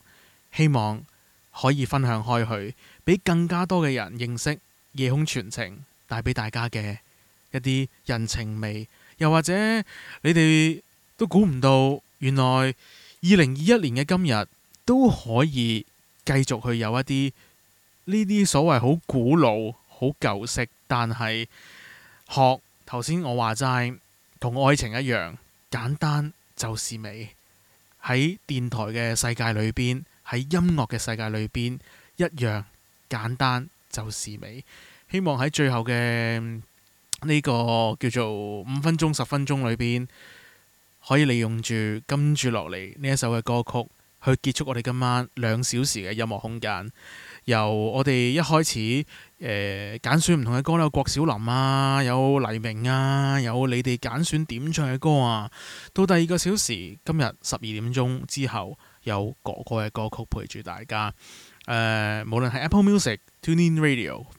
希望可以分享開去，俾更加多嘅人認識《夜空傳情》。帶俾大家嘅一啲人情味，又或者你哋都估唔到，原來二零二一年嘅今日都可以繼續去有一啲呢啲所謂好古老、好舊式，但係學頭先我話齋，同愛情一樣簡單就是美。喺電台嘅世界裏邊，喺音樂嘅世界裏邊，一樣簡單就是美。希望喺最後嘅呢個叫做五分鐘、十分鐘裏邊，可以利用住跟住落嚟呢一首嘅歌曲，去結束我哋今晚兩小時嘅音樂空間。由我哋一開始誒揀、呃、選唔同嘅歌啦，有郭小林啊，有黎明啊，有你哋揀選點唱嘅歌啊，到第二個小時今日十二點鐘之後，有哥哥嘅歌曲陪住大家。誒、呃，無論係 Apple Music。TuneIn Radio Facebook、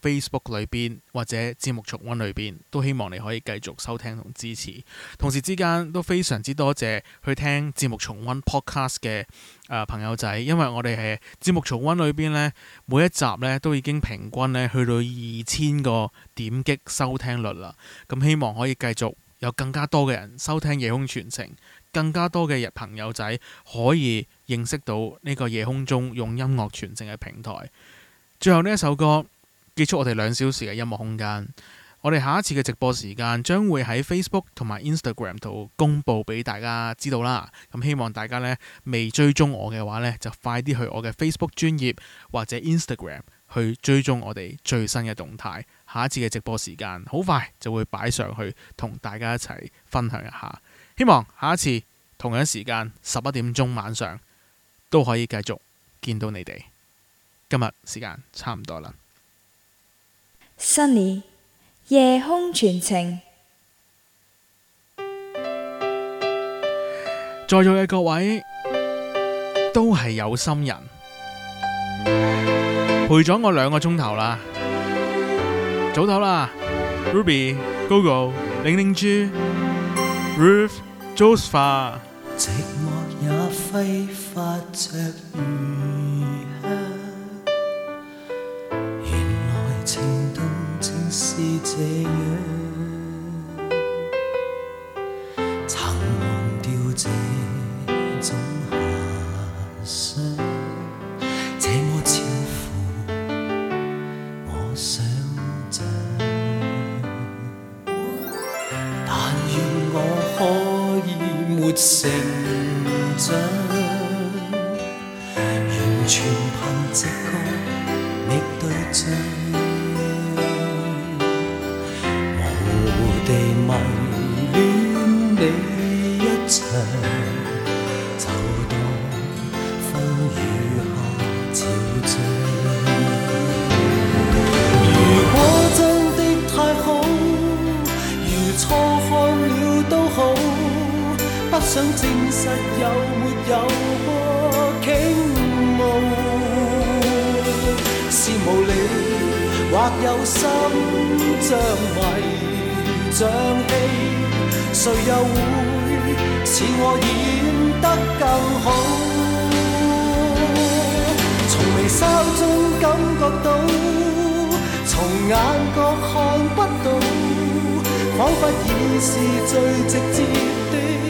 Facebook 裏邊或者節目重溫裏邊，都希望你可以繼續收聽同支持。同時之間都非常之多謝去聽節目重溫 Podcast 嘅、呃、朋友仔，因為我哋係節目重溫裏邊呢每一集呢都已經平均呢去到二千個點擊收聽率啦。咁、嗯、希望可以繼續有更加多嘅人收聽夜空傳情，更加多嘅朋友仔可以認識到呢個夜空中用音樂傳情嘅平台。最後呢一首歌，結束我哋兩小時嘅音樂空間。我哋下一次嘅直播時間將會喺 Facebook 同埋 Instagram 度公布俾大家知道啦。咁希望大家呢，未追蹤我嘅話呢，就快啲去我嘅 Facebook 專頁或者 Instagram 去追蹤我哋最新嘅動態。下一次嘅直播時間好快就會擺上去同大家一齊分享一下。希望下一次同樣時間十一點鐘晚上都可以繼續見到你哋。今日時間差唔多啦。Sunny 夜空傳情。在座嘅各位都係有心人，陪咗我兩個鐘頭啦，早唞啦，Ruby Gogo，寧寧、g o g o e 玲玲 Ruth、Joseph。是這樣，曾忘掉這種遐想，這麼超乎我想象。但願我可以沒成長，完全憑直覺覓對象。想證實有沒有過傾慕，是無理或有心，像謎像戲，誰又會似我演得更好？從眉梢中感覺到，從眼角看不到，彷佛已是最直接的。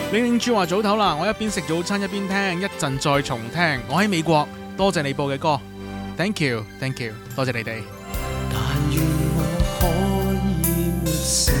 玲玲豬話早唞啦，我一邊食早餐一邊聽，一陣再重聽。我喺美國，多謝你播嘅歌，Thank you，Thank you，多謝你哋。但願我可以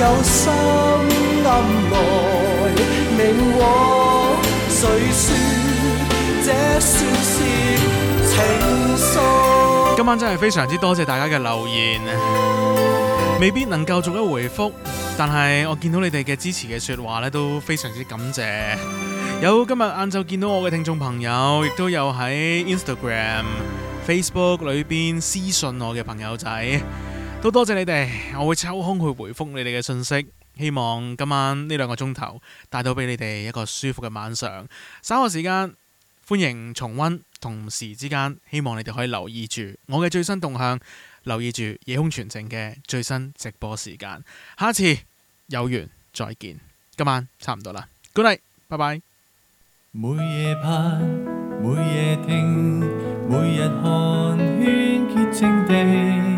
有心是今晚真係非常之多謝大家嘅留言，未必能夠逐一回覆，但係我見到你哋嘅支持嘅說話咧，都非常之感謝。有今日晏晝見到我嘅聽眾朋友，亦都有喺 Instagram、Facebook 裏邊私信我嘅朋友仔。都多謝你哋，我會抽空去回覆你哋嘅信息，希望今晚呢兩個鐘頭帶到俾你哋一個舒服嘅晚上。稍後時間歡迎重溫，同時之間希望你哋可以留意住我嘅最新動向，留意住夜空傳情嘅最新直播時間。下次有緣再見，今晚差唔多啦，Good night，拜拜。每夜拍，每夜聽，每日看圈，圈潔淨地。